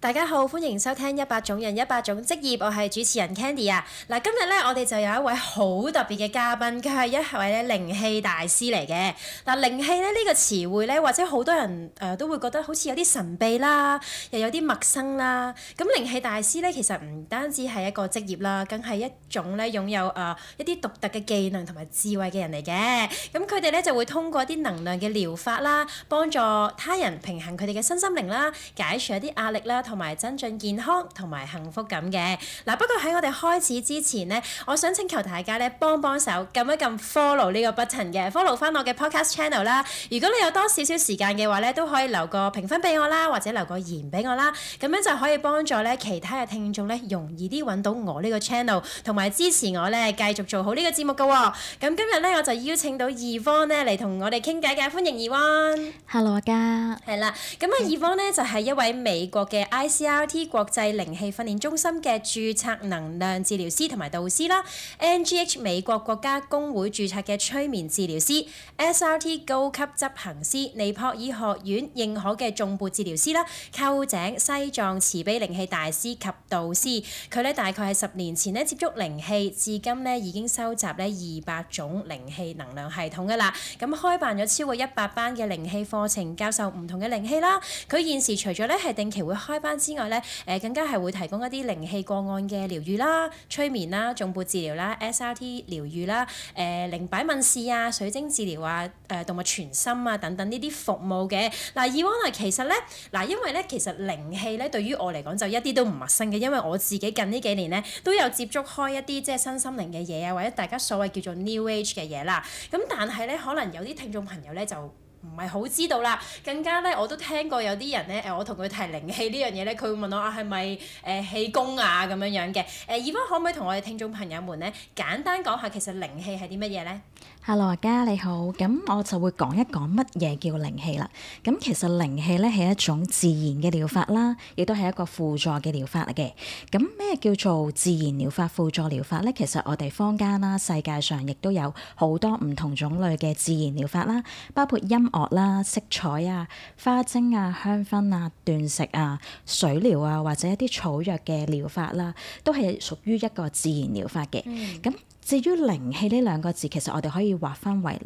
大家好，歡迎收聽一百種人一百種職業，我係主持人 Candy 啊！嗱，今日咧我哋就有一位好特別嘅嘉賓，佢係一位咧靈氣大師嚟嘅。嗱，靈氣咧呢個詞彙咧，或者好多人誒、呃、都會覺得好似有啲神秘啦，又有啲陌生啦。咁靈氣大師咧，其實唔單止係一個職業啦，更係一種咧擁有誒、呃、一啲獨特嘅技能同埋智慧嘅人嚟嘅。咁佢哋咧就會通過一啲能量嘅療法啦，幫助他人平衡佢哋嘅身心靈啦，解除一啲壓力啦。同埋增進健康同埋幸福感嘅。嗱、啊，不過喺我哋開始之前呢，我想請求大家咧幫幫手，撳一撳 follow 呢個 button 嘅 follow 翻我嘅 podcast channel 啦。如果你有多少少時間嘅話咧，都可以留個評分俾我啦，或者留個言俾我啦，咁樣就可以幫助咧其他嘅聽眾咧容易啲揾到我呢個 channel，同埋支持我咧繼續做好呢個節目嘅。咁、啊、今日咧我就邀請到 Yvone 咧嚟同我哋傾偈嘅，歡迎 Yvone。Hello，大家。係啦，咁啊 Yvone 咧就係、是、一位美國嘅。I C R T 國際靈氣訓練中心嘅註冊能量治療師同埋導師啦，N G H 美國國家公會註冊嘅催眠治療師，S R T 高級執行師，尼泊爾學院認可嘅頌缽治療師啦，臼井西藏慈悲靈氣大師及導師，佢咧大概係十年前咧接觸靈氣，至今咧已經收集咧二百種靈氣能量系統噶啦，咁開辦咗超過一百班嘅靈氣課程，教授唔同嘅靈氣啦，佢現時除咗咧係定期會開班，之外咧，誒、呃、更加係會提供一啲靈氣個案嘅療愈啦、催眠啦、頌缽治療啦、SRT 療愈啦、誒、呃、靈擺問事啊、水晶治療啊、誒、呃、動物傳心啊等等呢啲服務嘅。嗱、呃，以往嚟其實咧，嗱、呃、因為咧其實靈氣咧對於我嚟講就一啲都唔陌生嘅，因為我自己近呢幾年咧都有接觸開一啲即係身心靈嘅嘢啊，或者大家所謂叫做 New Age 嘅嘢啦。咁但係咧，可能有啲聽眾朋友咧就唔係好知道啦，更加咧我都聽過有啲人咧誒，我同佢提靈氣呢樣嘢咧，佢會問我啊，係咪誒氣功啊咁樣樣嘅，誒、呃、而家可唔可以同我哋聽眾朋友們咧簡單講下其實靈氣係啲乜嘢咧？Hello，家你好，咁我就會講一講乜嘢叫靈氣啦。咁其實靈氣咧係一種自然嘅療法啦，亦都係一個輔助嘅療法嚟嘅。咁咩叫做自然療法、輔助療法咧？其實我哋坊間啦、世界上亦都有好多唔同種類嘅自然療法啦，包括音樂。學啦，色彩啊，花精啊，香薰啊，斷食啊，水療啊，或者一啲草藥嘅療法啦、啊，都係屬於一個自然療法嘅。咁、嗯、至於靈氣呢兩個字，其實我哋可以劃分為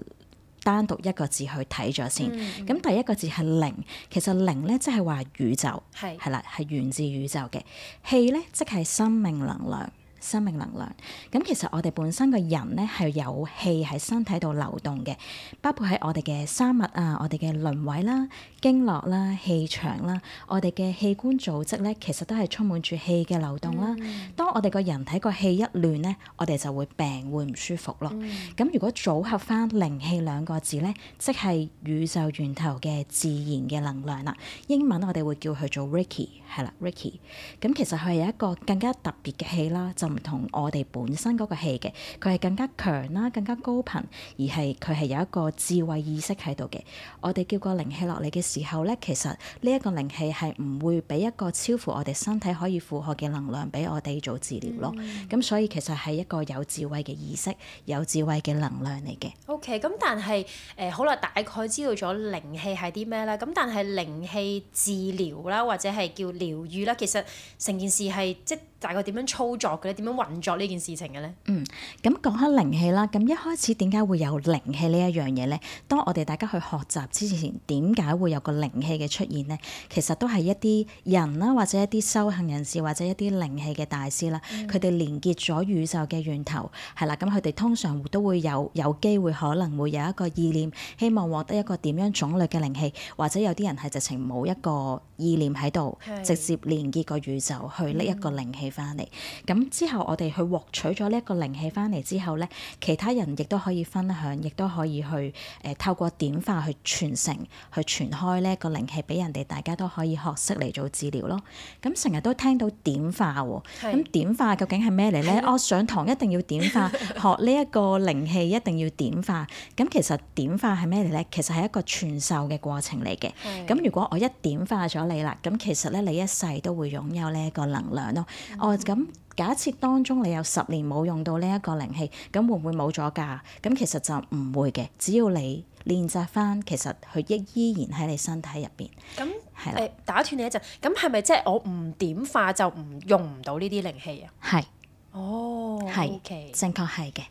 單獨一個字去睇咗先。咁、嗯、第一個字係靈，其實靈咧即係話宇宙係係啦，係是源自宇宙嘅氣咧，即係生命能量。生命能量，咁其實我哋本身個人呢，係有氣喺身體度流動嘅，包括喺我哋嘅生物啊、我哋嘅輪位啦、經絡啦、氣場啦、我哋嘅器官組織呢，其實都係充滿住氣嘅流動啦。嗯、當我哋個人體個氣一亂呢，我哋就會病會唔舒服咯。咁、嗯、如果組合翻靈氣兩個字呢，即係宇宙源頭嘅自然嘅能量啦。英文我哋會叫佢做 Reiki。係啦，Ricky，咁其實佢有一個更加特別嘅氣啦，就唔同我哋本身嗰個氣嘅，佢係更加強啦，更加高頻，而係佢係有一個智慧意識喺度嘅。我哋叫個靈氣落嚟嘅時候咧，其實呢一個靈氣係唔會俾一個超乎我哋身體可以負荷嘅能量俾我哋做治療咯。咁、嗯、所以其實係一個有智慧嘅意識，有智慧嘅能量嚟嘅。O.K. 咁但係誒、呃、好啦，大概知道咗靈氣係啲咩啦。咁但係靈氣治療啦，或者係叫療癒啦，其實成件事係，即，大概點樣操作嘅咧？點樣運作呢件事情嘅咧？嗯，咁講下靈氣啦，咁一開始點解會有靈氣呢一樣嘢咧？當我哋大家去學習之前，點解會有個靈氣嘅出現咧？其實都係一啲人啦，或者一啲修行人士，或者一啲靈氣嘅大師啦，佢哋連結咗宇宙嘅源頭，係啦，咁佢哋通常都會有有機會可能會有一個意念，希望獲得一個點樣種類嘅靈氣，或者有啲人係直情冇一個意念喺度，是直接連結個宇宙去拎一個靈氣。嗯翻嚟，咁之後我哋去獲取咗呢一個靈氣翻嚟之後咧，其他人亦都可以分享，亦都可以去誒、呃、透過點化去傳承，去傳開呢一個靈氣俾人哋，大家都可以學識嚟做治療咯。咁成日都聽到點化喎，咁點化究竟係咩嚟咧？我是、哦、上堂一定要點化， 學呢一個靈氣一定要點化。咁其實點化係咩嚟咧？其實係一個傳授嘅過程嚟嘅。咁是如果我一點化咗你啦，咁其實咧你一世都會擁有呢一個能量咯。哦，咁假設當中你有十年冇用到呢一個靈氣，咁會唔會冇咗㗎？咁其實就唔會嘅，只要你練習返，其實佢亦依然喺你身體入邊。咁係啦，的打斷你一陣。咁係咪即係我唔點化就唔用唔到呢啲靈氣啊？係是。哦。係。正確係嘅。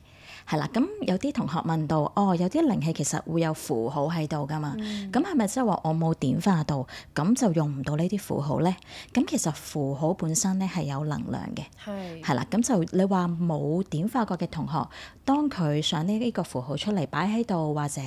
係啦，咁有啲同學問到，哦，有啲靈氣其實會有符號喺度噶嘛？咁係咪即係話我冇點化到，咁就用唔到呢啲符號咧？咁其實符號本身咧，係有能量嘅，係啦、嗯，咁就你話冇點化過嘅同學，當佢想呢呢個符號出嚟，擺喺度，或者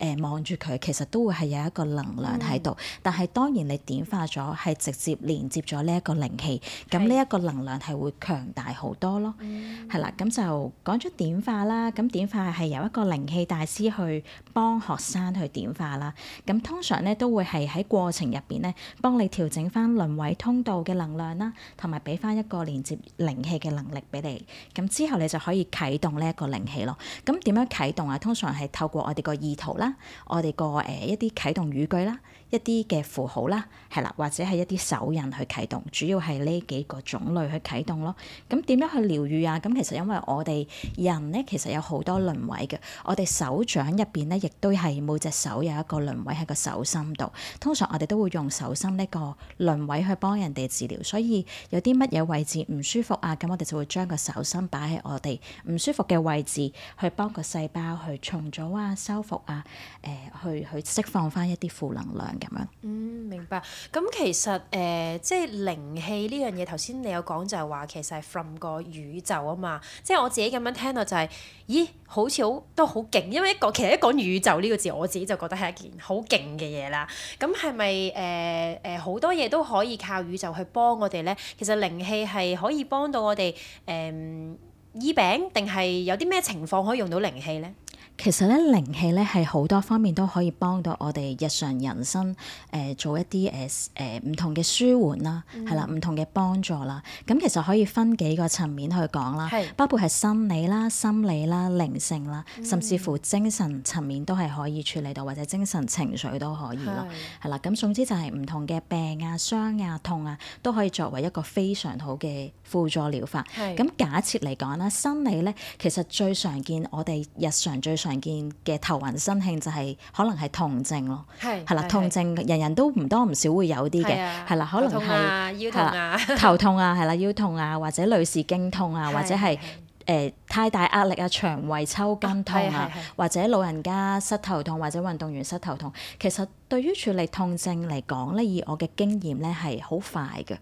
誒望住佢，其實都會係有一個能量喺度。嗯、但係當然你點化咗，係、嗯、直接連接咗呢一個靈氣，咁呢一個能量係會強大好多咯。係啦、嗯，咁、嗯、就講咗點化啦。咁點化係由一個靈氣大師去幫學生去點化啦。咁通常咧，都會係喺過程入邊咧，幫你調整翻輪位通道嘅能量啦，同埋俾翻一個連接靈氣嘅能力俾你。咁之後你就可以啟動呢一個靈氣咯。咁點樣啟動啊？通常係透過我哋個意圖啦，我哋個誒一啲啟動語句啦。一啲嘅符號啦，係啦，或者係一啲手印去啟動，主要係呢幾個種類去啟動咯。咁點樣去療癒啊？咁其實因為我哋人咧，其實有好多輪位嘅，我哋手掌入邊咧，亦都係每隻手有一個輪位喺個手心度。通常我哋都會用手心呢個輪位去幫人哋治療，所以有啲乜嘢位置唔舒服啊？咁我哋就會將個手心擺喺我哋唔舒服嘅位置，去幫個細胞去重組啊、修復啊、誒、呃、去去釋放翻一啲負能量。嗯，明白。咁、嗯、其實誒、呃，即係靈氣呢樣嘢，頭先你有講就係話其實係 from 個宇宙啊嘛。即係我自己咁樣聽到就係、是，咦，好似好都好勁，因為一個其實一講宇宙呢個字，我自己就覺得係一件好勁嘅嘢啦。咁係咪誒誒好多嘢都可以靠宇宙去幫我哋咧？其實靈氣係可以幫到我哋誒、呃、醫病，定係有啲咩情況可以用到靈氣咧？其實咧，靈氣咧係好多方面都可以幫到我哋日常人生誒、呃、做一啲誒誒唔同嘅舒緩啦，係、嗯、啦，唔同嘅幫助啦。咁其實可以分幾個層面去講啦，是包括係生理啦、心理啦、靈性啦，甚至乎精神層面都係可以處理到，或者精神情緒都可以咯。係啦，咁是總之就係唔同嘅病啊、傷啊、痛啊，都可以作為一個非常好嘅輔助療法。咁是假設嚟講啦，生理咧其實最常見我哋日常最常常見嘅頭暈身慶，就係可能係痛症咯，係啦，痛症人人都唔多唔少會有啲嘅，係啦，可能係係啦，頭痛啊，係啦，腰痛啊，或者女士經痛啊，或者係誒太大壓力啊，腸胃抽筋痛啊，或者老人家膝頭痛，或者運動員膝頭痛，其實。對於處理痛症嚟講咧，以我嘅經驗咧係好快嘅，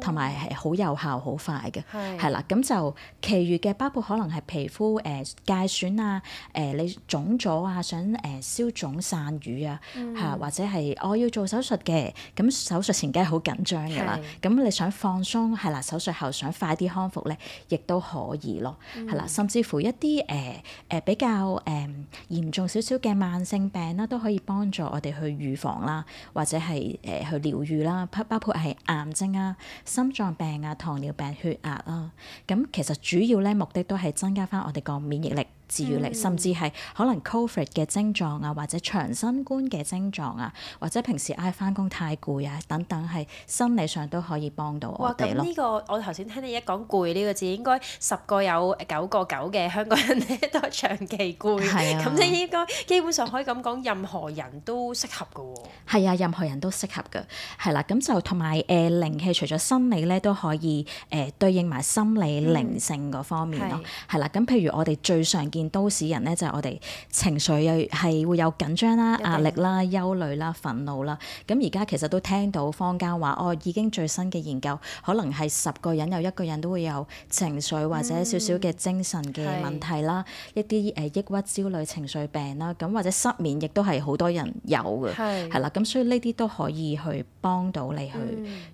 同埋係好有效、好快嘅，係啦的。咁就其餘嘅包括可能係皮膚誒介、呃、損啊，誒、呃、你腫咗啊，想誒、呃、消腫散瘀啊，嚇、嗯、或者係我、哦、要做手術嘅，咁手術前梗係好緊張㗎啦。咁的你想放鬆，係啦，手術後想快啲康復咧，亦都可以咯，係啦、嗯。甚至乎一啲誒誒比較誒嚴重少少嘅慢性病啦，都可以幫助我哋去預。防啦，或者係誒、呃、去療癒啦，包包括係癌症啊、心臟病啊、糖尿病、血壓啊，咁其實主要咧目的都係增加翻我哋個免疫力。治愈力，甚至係可能 Covid 嘅症狀啊，或者長新冠嘅症狀啊，或者平時挨返工太攰啊，等等係心理上都可以幫到我哋哇！咁呢、這個我頭先聽你一講攰呢個字，應該十個有九個九嘅香港人咧都係長期攰，咁即係應該基本上可以咁講，任何人都適合㗎。係啊，任何人都適合㗎。係啦、啊，咁就同埋誒靈氣除咗心理咧，都可以誒、呃、對應埋心理靈性嗰方面咯。係啦、嗯，咁、啊、譬如我哋最常見見都市人咧，就係、是、我哋情緒又係會有緊張啦、壓力啦、憂慮啦、憤怒啦。咁而家其實都聽到坊間話哦，已經最新嘅研究可能係十個人有一個人都會有情緒或者少少嘅精神嘅問題啦，嗯、一啲誒、呃、抑鬱焦慮情緒病啦，咁或者失眠，亦都係好多人有嘅係啦。咁是所以呢啲都可以去幫到你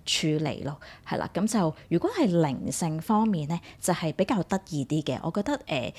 去處理咯。係啦、嗯，咁就如果係靈性方面咧，就係、是、比較得意啲嘅。我覺得誒。呃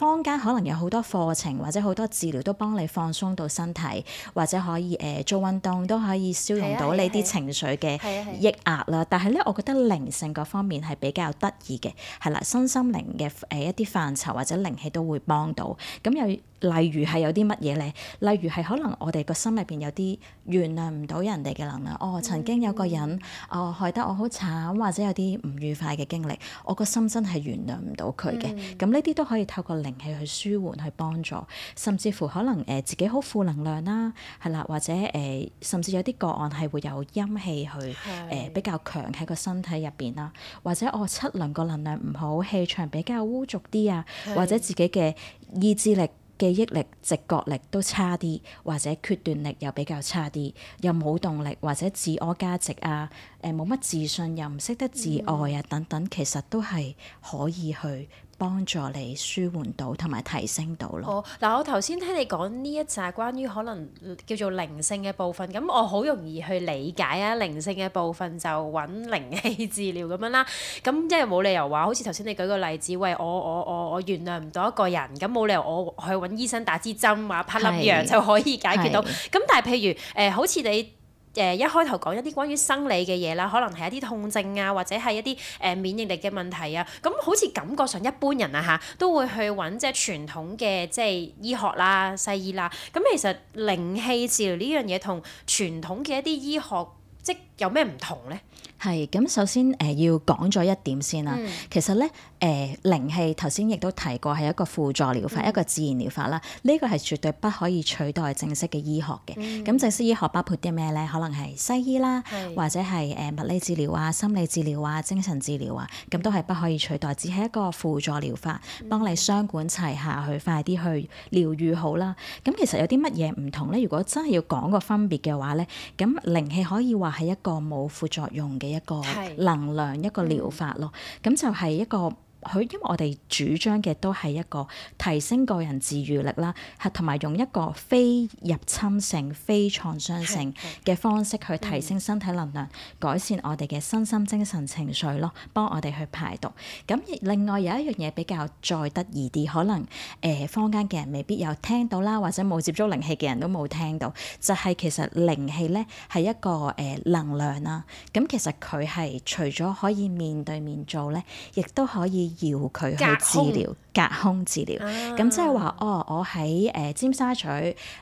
坊間可能有好多課程或者好多治療都幫你放鬆到身體，或者可以誒、呃、做運動都可以消融到你啲情緒嘅抑壓啦。啊啊啊啊、但係咧，我覺得靈性嗰方面係比較得意嘅，係啦、啊，身心靈嘅誒一啲範疇或者靈氣都會幫到。咁又。例如係有啲乜嘢咧？例如係可能我哋個心裏邊有啲原諒唔到人哋嘅能量，哦，曾經有個人、嗯、哦害得我好慘，或者有啲唔愉快嘅經歷，我個心真係原諒唔到佢嘅。咁呢啲都可以透過靈氣去舒緩、去幫助，甚至乎可能誒自己好負能量啦，係啦，或者誒、呃、甚至有啲個案係會有陰氣去誒、呃、比較強喺個身體入邊啦，或者我、哦、七輪個能量唔好，氣場比較污濁啲啊，或者自己嘅意志力。記憶力、直覺力都差啲，或者決斷力又比較差啲，又冇動力，或者自我價值啊，誒冇乜自信，又唔識得自愛啊等等，其實都係可以去幫助你舒緩到同埋提升到咯。好，嗱，我頭先聽你講呢一紮關於可能叫做靈性嘅部分，咁我好容易去理解啊。靈性嘅部分就揾靈氣治療咁樣啦。咁即係冇理由話，好似頭先你舉個例子，喂，我我我我，我原諒唔到一個人，咁冇理由我去揾醫生打支針呀拍粒藥是就可以解決到。咁是但係譬如誒、呃，好似你。誒一開頭講一啲關於生理嘅嘢啦，可能係一啲痛症啊，或者係一啲誒、呃、免疫力嘅問題啊，咁、嗯、好似感覺上一般人啊嚇都會去揾即係傳統嘅即係醫學啦、西醫啦，咁、嗯、其實靈氣治療呢樣嘢同傳統嘅一啲醫學即有咩唔同咧？係，咁首先誒、呃、要講咗一點先啦。嗯、其實咧誒、呃、靈氣頭先亦都提過係一個輔助療法，嗯、一個自然療法啦。呢、呢個係絕對不可以取代正式嘅醫學嘅。咁、嗯、正式醫學包括啲咩咧？可能係西醫啦，是或者係誒、呃、物理治療啊、心理治療啊、精神治療啊，咁都係不可以取代，嗯、只係一個輔助療法，嗯、幫你雙管齊下去快啲去療愈好啦。咁其實有啲乜嘢唔同咧？如果真係要講個分別嘅話咧，咁靈氣可以話係一個冇副作用嘅。一個能量，一個療法咯，咁就係一個。佢因為我哋主張嘅都係一個提升個人自愈力啦，係同埋用一個非入侵性、非創傷性嘅方式去提升身體能量，嗯、改善我哋嘅身心精神情緒咯，幫我哋去排毒。咁另外有一樣嘢比較再得意啲，可能誒、呃、坊間嘅人未必有聽到啦，或者冇接觸靈氣嘅人都冇聽到，就係、是、其實靈氣咧係一個誒能量啦。咁其實佢係除咗可以面對面做咧，亦都可以。要佢去治療，隔空，隔空治療咁，即係話哦，我喺誒、呃、尖沙咀，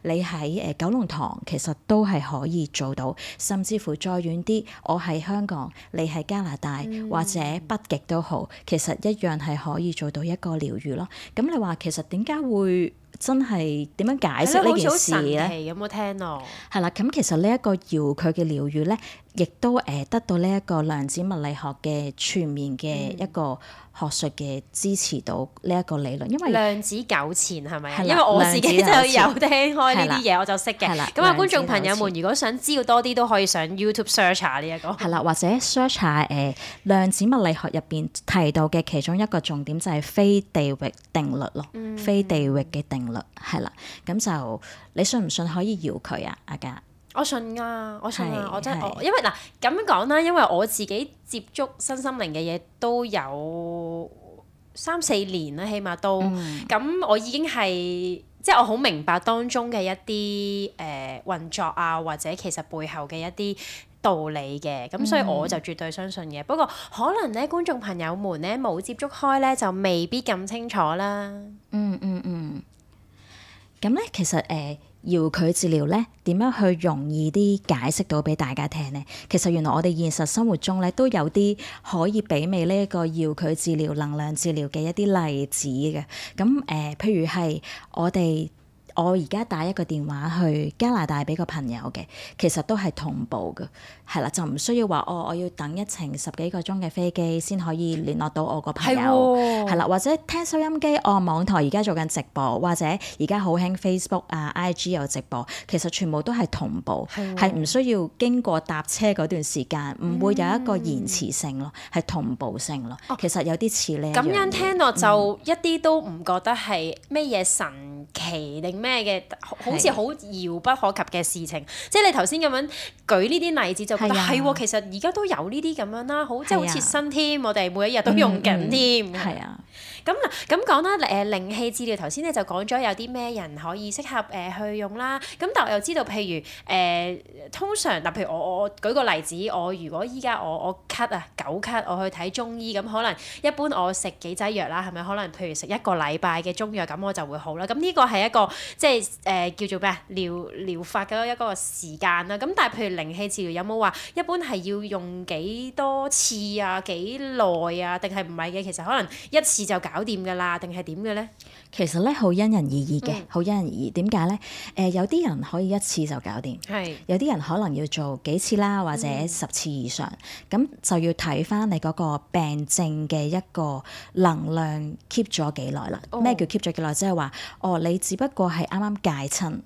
你喺誒、呃、九龍塘，其實都係可以做到，甚至乎再遠啲，我喺香港，你喺加拿大、嗯、或者北極都好，其實一樣係可以做到一個療癒咯。咁你話其實點解會真係點樣解釋、嗯、呢件事咧？有冇聽咯？係啦，咁其實呢一個遙距嘅療癒咧，亦都誒得到呢一個量子物理學嘅全面嘅一個、嗯。學術嘅支持到呢一個理論，因為量子糾纏係咪？係係的因為我自己就有聽開呢啲嘢，的我就識嘅。咁啊的，觀眾朋友們如果想知道多啲，都可以上 YouTube search 下呢、這、一個。係啦，或者 search 下誒、呃、量子物理學入邊提到嘅其中一個重點就係非地域定律咯，嗯、非地域嘅定律係啦。咁就你信唔信，信可以搖佢啊，阿家？我信啊！我信啊！是我真係，我的因為嗱咁樣講啦，因為我自己接觸身心靈嘅嘢都有三四年啦，起碼都咁，嗯、我已經係即係我好明白當中嘅一啲誒、呃、運作啊，或者其實背後嘅一啲道理嘅，咁所以我就絕對相信嘅。嗯、不過可能咧，觀眾朋友們咧冇接觸開咧，就未必咁清楚啦、嗯。嗯嗯嗯。咁咧，其實誒。呃搖佢治療咧，點樣去容易啲解釋到俾大家聽咧？其實原來我哋現實生活中咧，都有啲可以媲美呢一個搖佢治療、能量治療嘅一啲例子嘅。咁誒、呃，譬如係我哋。我而家打一個電話去加拿大俾個朋友嘅，其實都係同步嘅，係啦，就唔需要話哦，我要等一程十幾個鐘嘅飛機先可以聯絡到我個朋友，係啦、嗯，或者聽收音機哦，網台而家做緊直播，或者而家好興 Facebook 啊、IG 有直播，其實全部都係同步，係唔嗯、需要經過搭車嗰段時間，唔、嗯、會有一個延遲性咯，係同步性咯。嗯、其實有啲似咧。咁樣聽落就一啲都唔覺得係咩嘢神奇定咩？咩嘅，好似好遙不可及嘅事情，係。即係你頭先咁樣舉呢啲例子，就覺得係喎、啊哦。其實而家都有呢啲咁樣啦，好即係、啊、好似新添，我哋每一日都用緊添。係、嗯嗯、啊。咁咁、嗯嗯、講啦，誒、呃、靈氣治療頭先咧就講咗有啲咩人可以適合誒、呃、去用啦。咁但我又知道，譬如誒、呃、通常，嗱譬如我我，我舉個例子，我如果依家我我咳啊，久咳，我去睇中醫，咁、嗯、可能一般我食幾劑藥啦，係咪？可能譬如食一個禮拜嘅中藥，咁、嗯、我就會好啦。咁呢個係一個即係誒、呃、叫做咩療療法嘅一,一個時間啦。咁、嗯、但係譬如靈氣治療有冇話，一般係要用幾多次啊、幾耐啊，定係唔係嘅？其實可能一次就搞搞掂噶啦，定係點嘅咧？其實咧，好因人而異嘅，好因人而異。點解咧？誒，有啲人可以一次就搞掂，是有啲人可能要做幾次啦，或者十次以上。咁、嗯、就要睇翻你嗰個病症嘅一個能量 keep 咗幾耐啦。咩、哦、叫 keep 咗幾耐？即係話，哦，你只不過係啱啱戒親，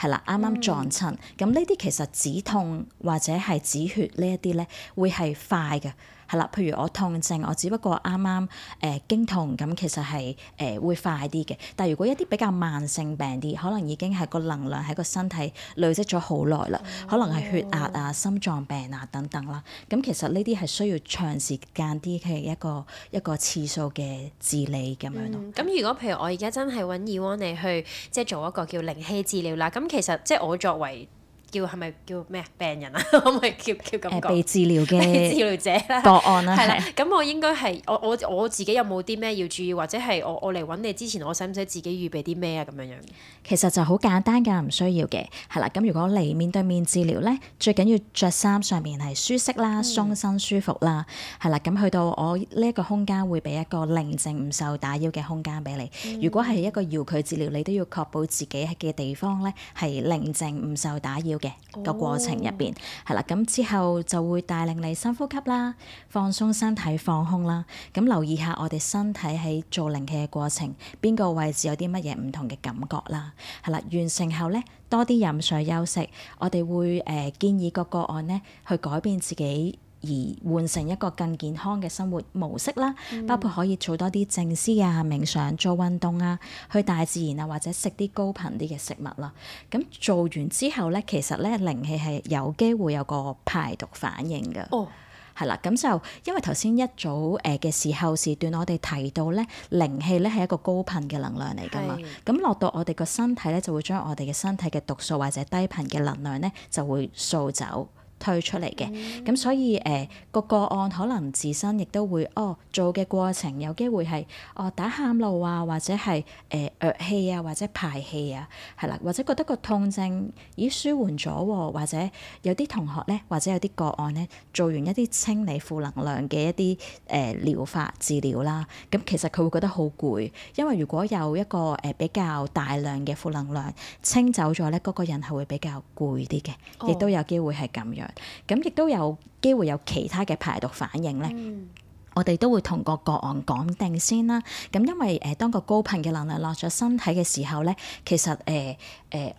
係啦，啱啱撞親。咁呢啲其實止痛或者係止血呢一啲咧，會係快嘅。係啦，譬如我痛症，我只不過啱啱誒經痛，咁其實係誒、呃、會快啲嘅。但係如果一啲比較慢性病啲，可能已經係個能量喺個身體累積咗好耐啦，哦、可能係血壓啊、哦、心臟病啊等等啦。咁其實呢啲係需要長時間啲嘅一個一個次數嘅治理咁樣咯。咁、嗯、如果譬如我而家真係揾 Yvone 你去即係、就是、做一個叫靈氣治療啦，咁其實即係、就是、我作為。叫係咪叫咩啊？病人啊，可唔可以叫叫咁講？誒，被治療嘅治療者啦，個案啦，係啦。咁我應該係我我我自己有冇啲咩要注意，或者係我我嚟揾你之前，我使唔使自己預備啲咩啊？咁樣樣嘅。其實就好簡單㗎，唔需要嘅。係啦，咁如果嚟面對面治療咧，最緊要著衫上面係舒適啦、鬆身舒服啦。係啦，咁去到我呢一個空間會俾一個寧靜、唔受打擾嘅空間俾你。如果係一個遙距治療，你都要確保自己嘅地方咧係寧靜、唔受打擾。嘅個過程入邊係啦，咁、哦、之後就會帶領你深呼吸啦，放鬆身體、放空啦，咁留意下我哋身體喺做靈氣嘅過程，邊個位置有啲乜嘢唔同嘅感覺啦，係啦，完成後咧，多啲飲水休息，我哋會誒建議個個案咧去改變自己。而換成一個更健康嘅生活模式啦，嗯、包括可以做多啲靜思啊、冥想、做運動啊，去大自然啊，或者食啲高頻啲嘅食物咯、啊。咁做完之後咧，其實咧靈氣係有機會有個排毒反應㗎。哦，係啦，咁就因為頭先一早誒嘅時候時段，我哋提到咧靈氣咧係一個高頻嘅能量嚟㗎嘛，咁的落到我哋個身體咧就會將我哋嘅身體嘅毒素或者低頻嘅能量咧就會掃走。推出嚟嘅，咁所以誒、呃、個個案可能自身亦都會哦做嘅過程有機會係哦打喊路啊，或者係誒藥氣啊，或者排氣啊，係啦，或者覺得個痛症已舒緩咗，或者有啲同學咧，或者有啲個案咧，做完一啲清理負能量嘅一啲誒療法治療啦，咁其實，佢會覺得好攰，因為如果有一個誒、呃、比較大量嘅負能量清走咗咧，嗰、那個人係會比較攰啲嘅，亦都有機會係咁樣。咁亦都有機會有其他嘅排毒反應咧，嗯、我哋都會同個個案講定先啦。咁因為誒，當個高頻嘅能量落咗身體嘅時候咧，其實誒誒。呃呃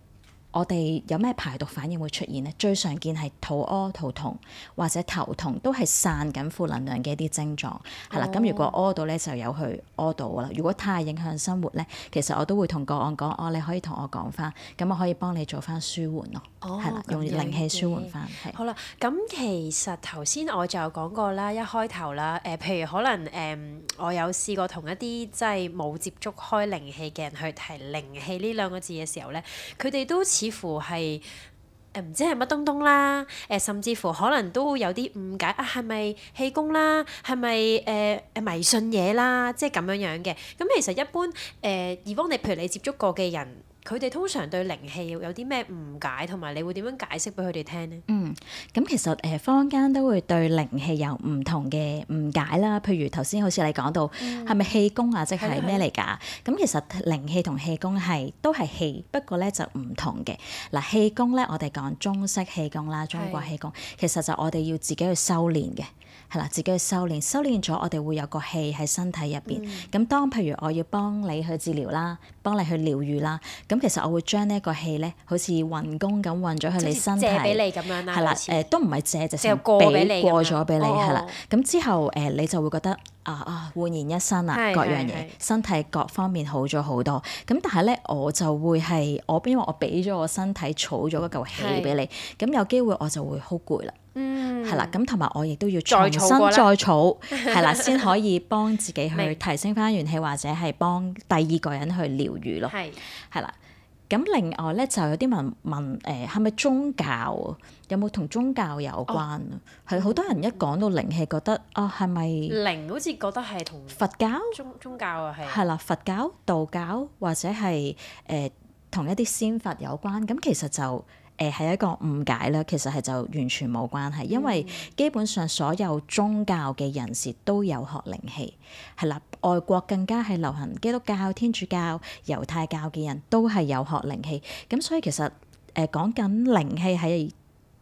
我哋有咩排毒反應會出現呢？最常見係肚屙、肚痛或者頭痛，都係散緊負能量嘅一啲症狀。係啦、哦，咁如果屙到咧就有去屙到啦。如果太影響生活咧，其實我都會同個案講：哦，你可以同我講翻，咁我可以幫你做翻舒緩咯。哦，係啦，用靈氣舒緩翻。係、哦。的好啦，咁其實頭先我就講過啦，一開頭啦，誒、呃，譬如可能誒、呃，我有試過同一啲即係冇接觸開靈氣嘅人去提靈氣呢兩個字嘅時候咧，佢哋都似。似乎係誒唔知係乜東東啦，誒甚至乎可能都有啲誤解啊，係咪氣功啦？係咪誒迷信嘢啦？即係咁樣樣嘅。咁其實一般誒，而幫你，譬如你接觸過嘅人。佢哋通常對靈氣有啲咩誤解，同埋你會點樣解釋俾佢哋聽呢？嗯，咁其實誒，坊間都會對靈氣有唔同嘅誤解啦。譬如頭先好似你講到，係咪、嗯、氣功啊？即係咩嚟㗎？咁、嗯、其實靈氣同氣功係都係氣，不過咧就唔同嘅。嗱，氣功咧，我哋講中式氣功啦，中國氣功，是其實就我哋要自己去修練嘅。自己去修練，修練咗，我哋會有個氣喺身體入邊。咁、嗯、當譬如我要幫你去治療啦，幫你去療愈啦，咁其實我會將呢個氣咧，好似運功咁運咗去你身體，借俾你咁樣啦。係啦的，誒、呃，都唔係借，就借過俾你，過咗俾你，係啦、哦。咁之後誒、呃，你就會覺得啊啊煥然一新啦，是的 各樣嘢，是的 身體各方面好咗好多。咁但係咧，我就會係我，因為我俾咗我身體儲咗一嚿氣俾你，咁的有機會我就會好攰啦。嗯，係啦，咁同埋我亦都要重新再儲，係啦，先 可以幫自己去提升翻元氣， 或者係幫第二個人去療愈咯。係是，係啦。咁另外咧就有啲問問誒，係、呃、咪宗教有冇同宗教有關？佢好、哦、多人一講到靈氣，覺得哦，係、呃、咪靈好似覺得係同佛教宗宗教啊係。係啦，佛教、道教或者係誒同一啲仙法有關。咁其實就，誒係、呃、一個誤解啦，其實係就完全冇關係，因為基本上所有宗教嘅人士都有學靈氣，係啦，外國更加係流行基督教、天主教、猶太教嘅人都係有學靈氣，咁所以其實誒、呃、講緊靈氣係。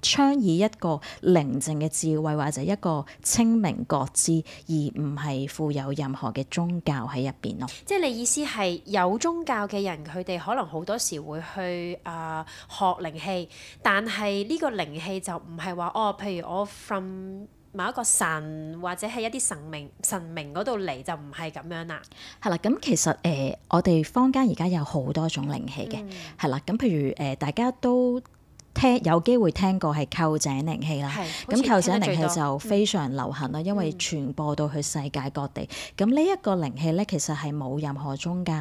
倡以一個寧靜嘅智慧或者一個清明覺知，而唔係附有任何嘅宗教喺入邊咯。即係你意思係有宗教嘅人，佢哋可能好多時會去啊、呃、學靈氣，但係呢個靈氣就唔係話哦，譬如我 from 某一個神或者係一啲神明神明嗰度嚟，就唔係咁樣啦。係啦、嗯，咁其實誒、呃，我哋坊間而家有好多種靈氣嘅，係啦、嗯，咁、嗯、譬如誒、呃，大家都。有機會聽過係臼井靈氣啦，咁臼、嗯、井靈氣就非常流行啦，因為傳播到去世界各地。咁呢一個靈氣咧，其實係冇任何宗教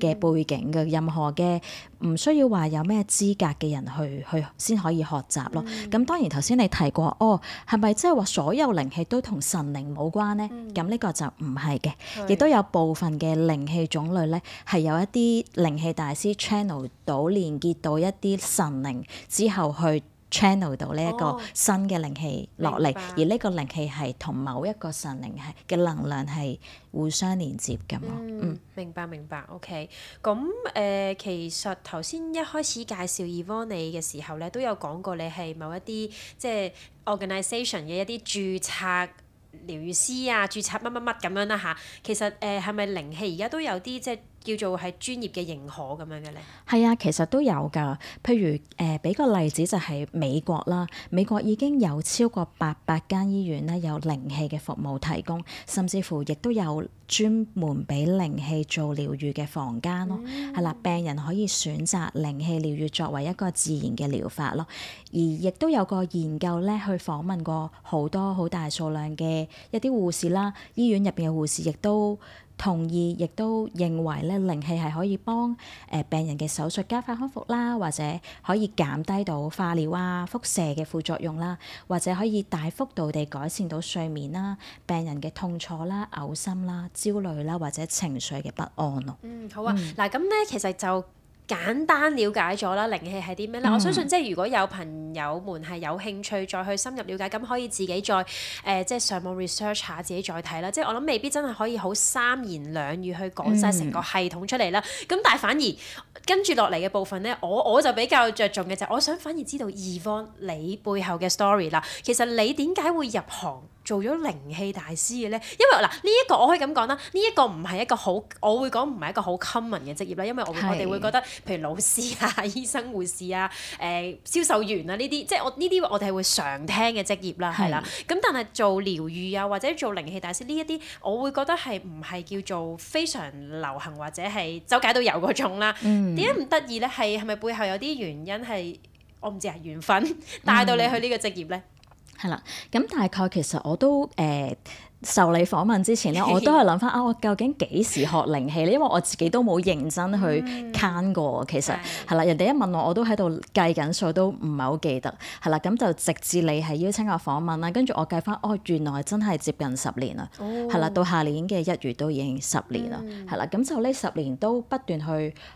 嘅背景嘅，嗯、任何嘅唔需要話有咩資格嘅人去去先可以學習咯。咁、嗯、當然頭先你提過，哦，係咪即係話所有靈氣都同神靈冇關呢？咁呢、嗯、個就唔係嘅，亦是都有部分嘅靈氣種類咧，係有一啲靈氣大師 channel。到連結到一啲神靈之後，去 channel 到呢一個新嘅靈氣落嚟，哦、而呢個靈氣係同某一個神靈係嘅能量係互相連接咁咯。嗯，嗯，明白明白。OK，咁誒、呃，其實頭先一開始介紹 Yvone 你嘅時候咧，都有講過你係某一啲即係 organisation 嘅一啲註冊療，療師啊，註冊乜乜乜咁樣啦、啊、嚇。其實誒，係、呃、咪靈氣而家都有啲即係，叫做係專業嘅認可咁樣嘅咧，係啊，其實都有㗎。譬如誒，俾、呃、個例子就係美國啦，美國已經有超過八百間醫院咧有靈氣嘅服務提供，甚至乎亦都有專門俾靈氣做療愈嘅房間咯。係啦、嗯，病人可以選擇靈氣療愈作為一個自然嘅療法咯。而亦都有個研究咧，去訪問過好多好大數量嘅一啲護士啦，醫院入邊嘅護士亦都。同意，亦都認為咧，靈氣係可以幫誒、呃、病人嘅手術加快康復啦，或者可以減低到化療啊、輻射嘅副作用啦，或者可以大幅度地改善到睡眠啦、病人嘅痛楚啦、嘔心啦、焦慮啦或者情緒嘅不安咯。嗯、呃，好、呃、啊，嗱、呃，咁、呃、咧其實就。簡單了解咗啦，靈氣係啲咩咧？嗯、我相信即係如果有朋友們係有興趣再去深入了解，咁可以自己再誒、呃、即係上網 research 下，自己再睇啦。即係我諗未必真係可以好三言兩語去講晒成個系統出嚟啦。咁、嗯、但係反而跟住落嚟嘅部分咧，我我就比較着重嘅就係我想反而知道 Yvone 你背後嘅 story 啦。其實你點解會入行？做咗靈氣大師嘅咧，因為嗱呢一個我可以咁講啦，呢、這個、一個唔係一個好，我會講唔係一個好 common 嘅職業啦，因為我會是我哋會覺得，譬如老師啊、醫生、護士啊、誒、呃、銷售員啊呢啲，即係我呢啲我哋係會常聽嘅職業是啦，係啦。咁但係做療愈啊，或者做靈氣大師呢一啲，我會覺得係唔係叫做非常流行或者係周街都有嗰種啦。點解唔得意咧？係係咪背後有啲原因係我唔知啊？緣分帶到你去呢個職業咧？嗯係啦，咁大概其實我都誒、欸受理訪問之前咧， 我都係諗翻啊！我究竟幾時學靈氣咧？因為我自己都冇認真去 can 過，嗯、其實係啦。的人哋一問我，我都喺度計緊數，都唔係好記得。係啦，咁就直至你係邀請我訪問啦，跟住我計翻，哦，原來真係接近十年啦。係啦、哦，到下年嘅一月都已經十年啦。係啦、嗯，咁就呢十年都不斷去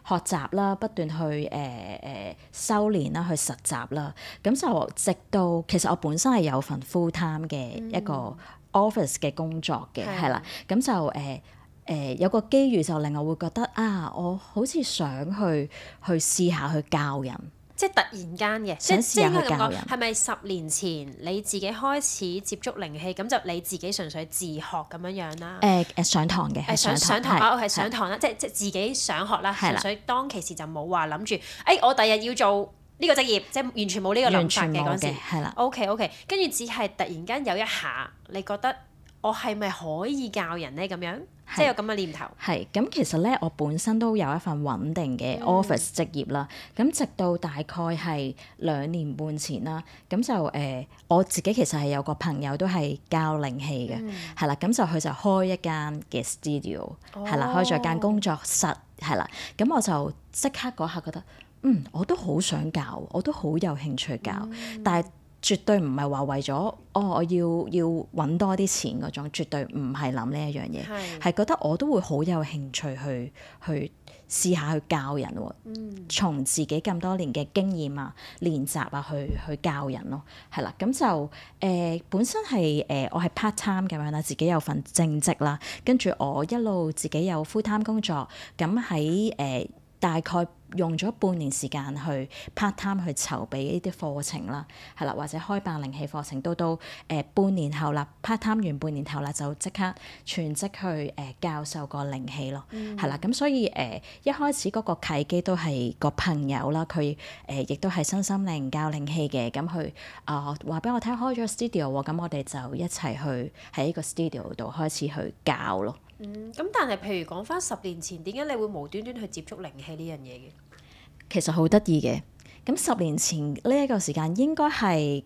學習啦，不斷去誒誒、呃呃、修練啦，去實習啦。咁就直到其實我本身係有份 full time 嘅一個。嗯 office 嘅工作嘅係啦，咁就誒誒有個機遇就令我會覺得啊，我好似想去去試下去教人，即係突然間嘅想試下去教人，即係應該咁講，係咪十年前你自己開始接觸靈氣，咁就你自己純粹自學咁樣樣啦？誒誒上堂嘅誒上上堂啊，我係上堂啦，即即自己上學啦，所以當其時就冇話諗住，誒我第日要做呢個職業，即係完全冇呢個諗法嘅嗰陣時，係啦。OK OK，跟住只係突然間有一下。你覺得我係咪可以教人呢？咁樣是即係有咁嘅念頭。係咁，其實咧，我本身都有一份穩定嘅 office 職業啦。咁、嗯、直到大概係兩年半前啦，咁就誒、呃、我自己其實係有個朋友都係教靈氣嘅，係、嗯、啦。咁就佢就開一間嘅 studio，係、哦、啦，開咗間工作室，係啦。咁我就即刻嗰刻覺得，嗯，我都好想教，我都好有興趣教，嗯、但係，絕對唔係話為咗哦，我要要搵多啲錢嗰種，絕對唔係諗呢一樣嘢，係的覺得我都會好有興趣去去試下去教人喎。嗯、從自己咁多年嘅經驗啊、練習啊，去去教人咯，係啦。咁就誒、呃、本身係誒、呃、我係 part time 咁樣啦，自己有份正職啦，跟住我一路自己有 full time 工作，咁喺誒大概。用咗半年時間去 part time 去籌備呢啲課程啦，係啦，或者開辦靈氣課程。都到到誒、呃、半年後啦，part time 完半年後啦，就即刻全職去誒、呃、教授個靈氣咯，係啦、嗯。咁所以誒、呃、一開始嗰個契機都係個朋友啦，佢誒亦都係身心靈教靈氣嘅，咁佢啊話俾我聽開咗 studio 喎，咁我哋就一齊去喺呢個 studio 度開始去教咯。嗯，咁但係，譬如講返十年前，點解你會無端端去接觸靈氣呢樣嘢嘅？其實好得意嘅。咁十年前呢一個時間，應該係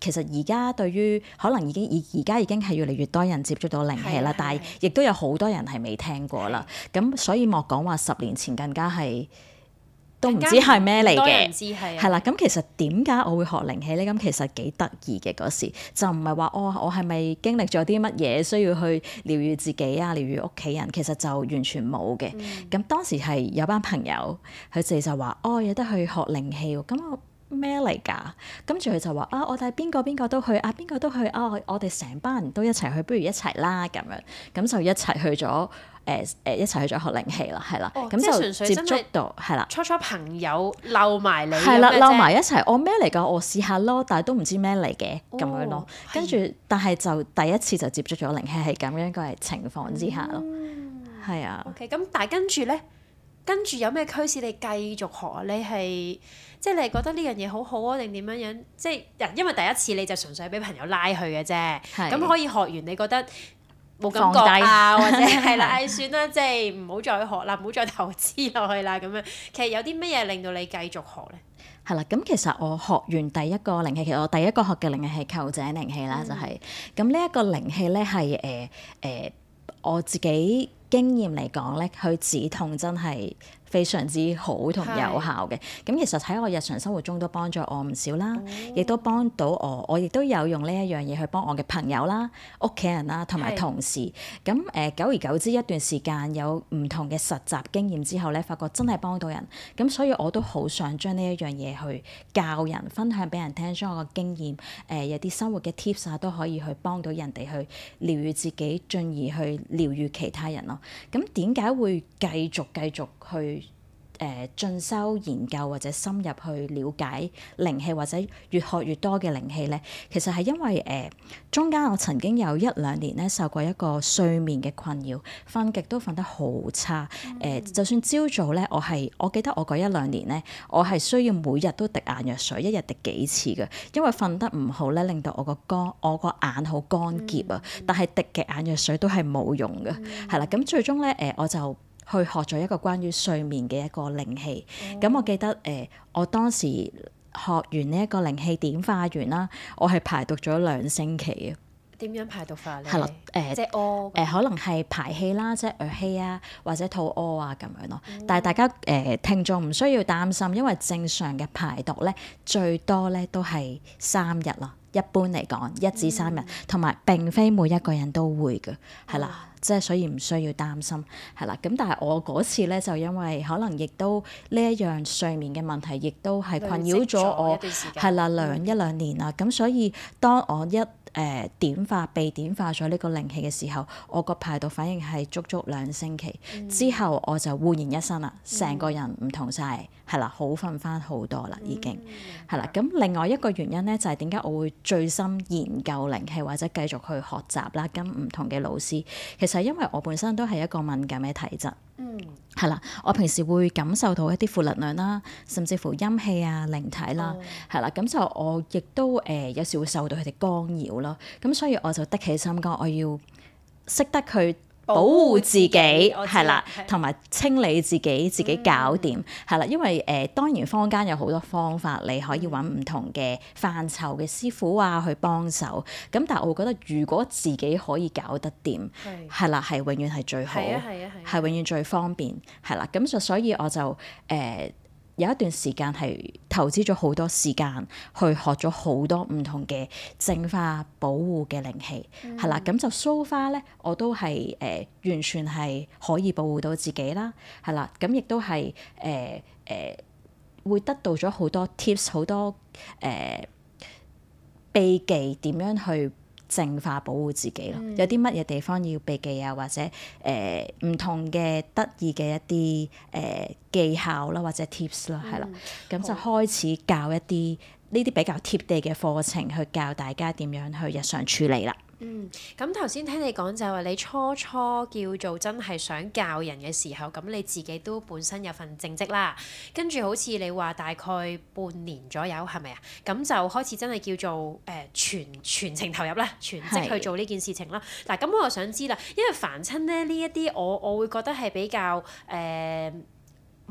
其實而家對於可能已經而而家已經係越嚟越多人接觸到靈氣啦，是的 但係亦都有好多人係未聽過啦。咁是的 所以莫講話十年前更加係。都唔知係咩嚟嘅，係啦。咁的其實點解我會學靈氣呢？咁其實幾得意嘅嗰時，就唔係話哦，我係咪經歷咗啲乜嘢需要去療癒自己啊、療癒屋企人？其實就完全冇嘅。咁、嗯、當時係有班朋友，佢哋就話：哦，有得去學靈氣，咁我咩嚟㗎？跟住佢就話：啊，我哋邊個邊個都去啊，邊個都去啊，我哋成班人都一齊去，不如一齊啦咁樣。咁就一齊去咗。誒誒，一齊去咗學靈氣啦，係啦，咁就純粹接觸到係啦，初初朋友溜埋你，係啦，溜埋一齊，我咩嚟噶？我試下咯，但係都唔知咩嚟嘅，咁樣咯。跟住，但係就第一次就接觸咗靈氣，係咁樣一個情況之下咯，係啊。O K，咁但係跟住咧，跟住有咩驅使你繼續學？你係即係你係覺得呢樣嘢好好啊，定點樣樣？即係因為第一次你就純粹俾朋友拉去嘅啫，咁可以學完你覺得？冇感覺啊，或者係啦，誒、 啊、算啦，即係唔好再學啦，唔好再投資落去啦，咁樣。其實有啲咩嘢令到你繼續學咧？係啦，咁其實我學完第一個靈氣，其實我第一個學嘅靈氣係臼井靈氣啦，就係咁呢一個靈氣咧，係誒誒我自己經驗嚟講咧，佢止痛真係非常之好同有效嘅，咁其實喺我日常生活中都幫助我唔少啦，亦、哦、都幫到我。我亦都有用呢一樣嘢去幫我嘅朋友啦、屋企人啦同埋同事。咁誒是久而久之一段時間有唔同嘅實習經驗之後咧，發覺真係幫到人。咁所以我都好想將呢一樣嘢去教人，分享俾人聽，將我嘅經驗誒、呃、有啲生活嘅 tips 啊都可以去幫到人哋去療癒自己，進而去療癒其他人咯。咁點解會繼續繼續去？誒進修研究或者深入去了解靈氣或者越學越多嘅靈氣咧，其實係因為誒、呃、中間我曾經有一兩年咧受過一個睡眠嘅困擾，瞓極都瞓得好差。誒、嗯呃，就算朝早咧，我係我記得我嗰一兩年咧，我係需要每日都滴眼藥水，一日滴幾次嘅，因為瞓得唔好咧，令到我個乾我個眼好乾澀啊。嗯、但係滴嘅眼藥水都係冇用嘅，係、嗯嗯、啦。咁最終咧誒、呃、我就。去學咗一個關於睡眠嘅一個靈氣，咁、哦、我記得誒、呃，我當時學完呢一個靈氣點化完啦，我係排毒咗兩星期嘅。點樣排毒化咧？係咯，誒、呃，即屙，誒、呃呃，可能係排氣啦，即噯氣啊，或者肚屙啊咁樣咯。哦、但係大家誒、呃、聽眾唔需要擔心，因為正常嘅排毒咧，最多咧都係三日咯。一般嚟講，一至三日，同埋、嗯、並非每一個人都會嘅，係啦、嗯，即係所以唔需要擔心，係啦。咁但係我嗰次咧，就因為可能亦都呢一樣睡眠嘅問題，亦都係困擾咗我，係啦，兩一兩年啦。咁、嗯、所以當我一誒點化，被點化咗呢個靈氣嘅時候，我個排毒反應係足足兩星期，嗯、之後我就煥然一新啦，成個人唔同晒，係啦、嗯，好瞓翻好多啦，已經係啦。咁、嗯、另外一個原因咧，就係點解我會醉心研究靈氣或者繼續去學習啦？跟唔同嘅老師，其實因為我本身都係一個敏感嘅體質。嗯，係啦，我平時會感受到一啲負能量啦，甚至乎陰氣啊、靈體啦，係啦、嗯，咁就我亦都誒、呃、有時會受到佢哋干擾咯，咁所以我就的起心肝，我要識得佢。保護自己係啦，同埋是清理自己，自己搞掂係、嗯、啦。因為誒、呃，當然坊間有好多方法，你可以揾唔同嘅範疇嘅師傅啊去幫手。咁，但我覺得如果自己可以搞得掂，係是啦，係永遠係最好，係、啊啊啊啊啊、永遠最方便，係啦。咁就所以我就誒。呃有一段時間係投資咗好多時間去學咗好多唔同嘅淨化保護嘅靈氣，係、嗯、啦，咁就 so far 咧，我都係誒、呃、完全係可以保護到自己啦，係啦，咁亦都係誒誒會得到咗好多 tips，好多誒、呃、秘技點樣去。淨化保護自己咯，嗯、有啲乜嘢地方要避忌啊，或者誒唔、呃、同嘅得意嘅一啲誒、呃、技巧啦，或者 tips 啦，係啦，咁就開始教一啲呢啲比較貼地嘅課程，去教大家點樣去日常處理啦。嗯，咁頭先聽你講就係話你初初叫做真係想教人嘅時候，咁你自己都本身有份正職啦，跟住好似你話大概半年左右係咪啊？咁就開始真係叫做誒、呃、全全程投入啦，全職去做呢件事情啦。嗱是，咁我又想知啦，因為凡親咧呢一啲，我我會覺得係比較誒、呃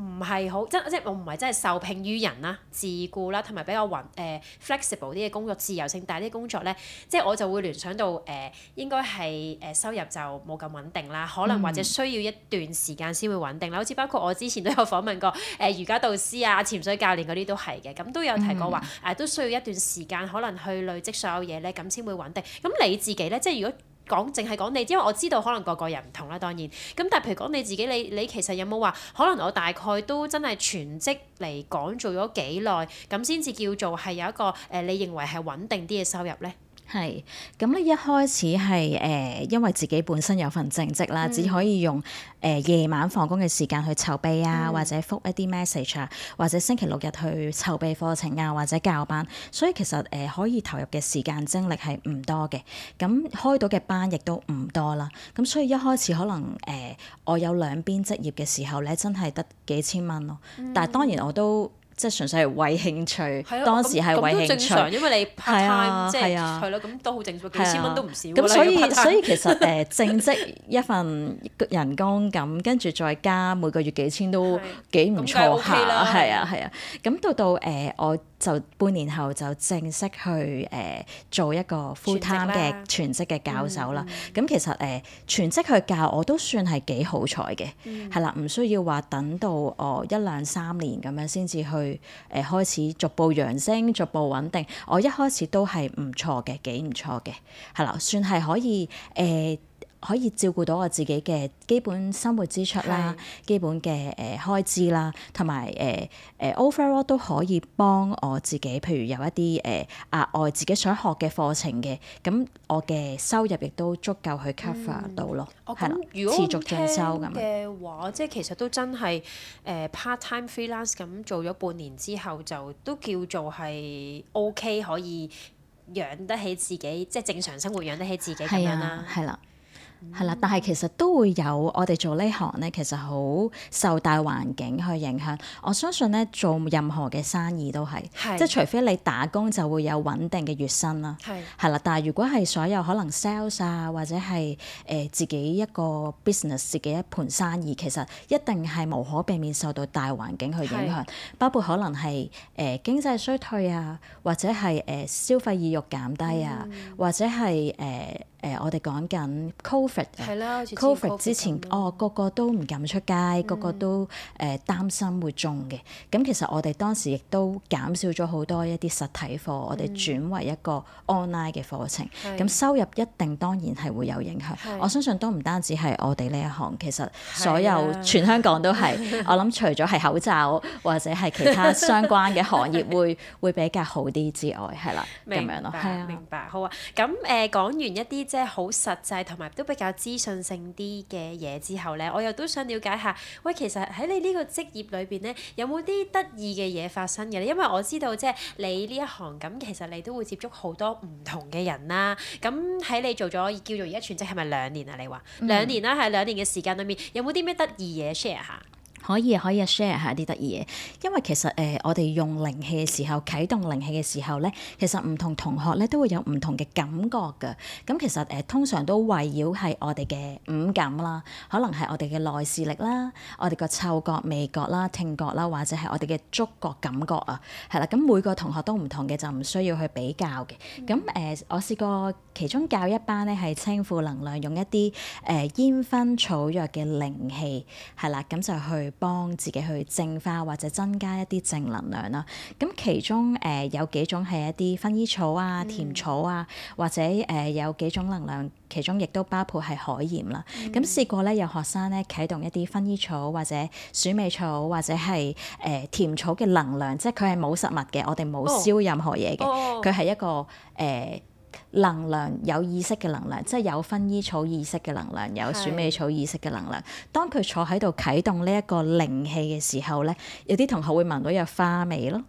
唔係好，即即我唔係真係受聘於人啦、自雇啦，同埋比較穩誒、呃、flexible 啲嘅工作、自由性大啲工作咧，即我就會聯想到誒、呃，應該係誒收入就冇咁穩定啦，可能或者需要一段時間先會穩定啦。好似、嗯、包括我之前都有訪問過誒、呃、瑜伽導師啊、潛水教練嗰啲都係嘅，咁都有提過話誒、呃、都需要一段時間，可能去累積所有嘢咧，咁先會穩定。咁你自己咧，即如果？講淨係講你，因為我知道可能個個人唔同啦。當然，咁但係譬如講你自己，你你其實有冇話可能我大概都真係全職嚟講做咗幾耐，咁先至叫做係有一個誒、呃、你認為係穩定啲嘅收入咧？係，咁咧一開始係誒、呃，因為自己本身有份正職啦，嗯、只可以用誒、呃、夜晚放工嘅時間去籌備啊，嗯、或者覆一啲 message 啊，或者星期六日去籌備課程啊，或者教班，所以其實誒、呃、可以投入嘅時間精力係唔多嘅，咁開到嘅班亦都唔多啦，咁所以一開始可能誒、呃、我有兩邊職業嘅時候咧，真係得幾千蚊咯，但係當然我都，嗯即係純粹係為興趣，的當時係為興趣。因為你 part time 咁都好正常，幾千蚊都唔少啦。咁的的所以所以其實誒、呃、正職一份人工咁，跟住 再加每個月幾千都幾唔錯下，係啊係啊。咁、OK、到到誒、呃、我。就半年後就正式去誒、呃、做一個 full time 嘅全職嘅教授啦。咁、嗯、其實誒、呃、全職去教我都算係幾好彩嘅，係、嗯、啦，唔需要話等到我一兩三年咁樣先至去誒、呃、開始逐步揚升、逐步穩定。我一開始都係唔錯嘅，幾唔錯嘅，係啦，算係可以誒。呃可以照顧到我自己嘅基本生活支出啦，的基本嘅誒、呃、開支啦，同埋誒誒 overall 都可以幫我自己。譬如有一啲誒額外自己想學嘅課程嘅，咁我嘅收入亦都足夠去 cover 到咯。咁、嗯哦哦、如果持續進修嘅話，即係其實都真係誒 part time freelance 咁做咗半年之後，就都叫做係 OK 可以養得起自己，即係正常生活養得起自己咁的樣啦、啊，係啦。係喇，但係其實都會有我哋做呢行咧，其實好受大環境去影響。我相信咧，做任何嘅生意都係，的即係除非你打工就會有穩定嘅月薪啦。係係啦，但係如果係所有可能 sales 啊，或者係誒、呃、自己一個 business 自己一盤生意，其實一定係無可避免受到大環境去影響，的包括可能係誒、呃、經濟衰退啊，或者係誒、呃、消費意欲減低啊，嗯、或者係誒。呃誒，我哋講緊 Covid 係 Covid 之前哦，個個都唔敢出街，個個都誒擔心會中嘅。咁其實我哋當時亦都減少咗好多一啲實體課，我哋轉為一個 online 嘅課程。咁收入一定當然係會有影響。我相信都唔單止係我哋呢一行，其實所有全香港都係。我諗除咗係口罩或者係其他相關嘅行業會會比較好啲之外，係啦咁樣咯。明白。明白。好啊。咁誒講完一啲，即係好實際同埋都比較資訊性啲嘅嘢之後咧，我又都想了解下，喂，其實喺你呢個職業裏邊咧，有冇啲得意嘅嘢發生嘅咧？因為我知道即係你呢一行咁，其實你都會接觸好多唔同嘅人啦、啊。咁喺你做咗叫做而家全職係咪兩年啊？你話、嗯、兩年啦，係兩年嘅時間裏面，有冇啲咩得意嘢 share 下？可以可以 share 下啲得意嘢，因為其實誒、呃、我哋用靈氣嘅時候，啟動靈氣嘅時候咧，其實唔同同學咧都會有唔同嘅感覺㗎。咁其實誒、呃、通常都圍繞係我哋嘅五感啦，可能係我哋嘅內視力啦，我哋個嗅覺味覺啦、聽覺啦，或者係我哋嘅觸覺感覺啊，係啦。咁每個同學都唔同嘅，就唔需要去比較嘅。咁誒、嗯呃、我試過其中教一班咧，係清負能量，用一啲誒煙燻草藥嘅靈氣，係啦，咁就去。幫自己去淨化或者增加一啲正能量啦。咁其中誒、呃、有幾種係一啲薰衣草啊、甜草啊，或者誒、呃、有幾種能量，其中亦都包括係海鹽啦。咁、嗯、試過咧，有學生咧啟動一啲薰衣草或者鼠尾草或者係誒、呃、甜草嘅能量，即係佢係冇實物嘅，我哋冇燒任何嘢嘅，佢係、Oh. Oh. 一個誒。呃能量有意識嘅能量，即係有薰衣草意識嘅能量，有鼠尾草意識嘅能量。是當佢坐喺度啟動呢一個靈氣嘅時候咧，有啲同學會聞到有花味咯，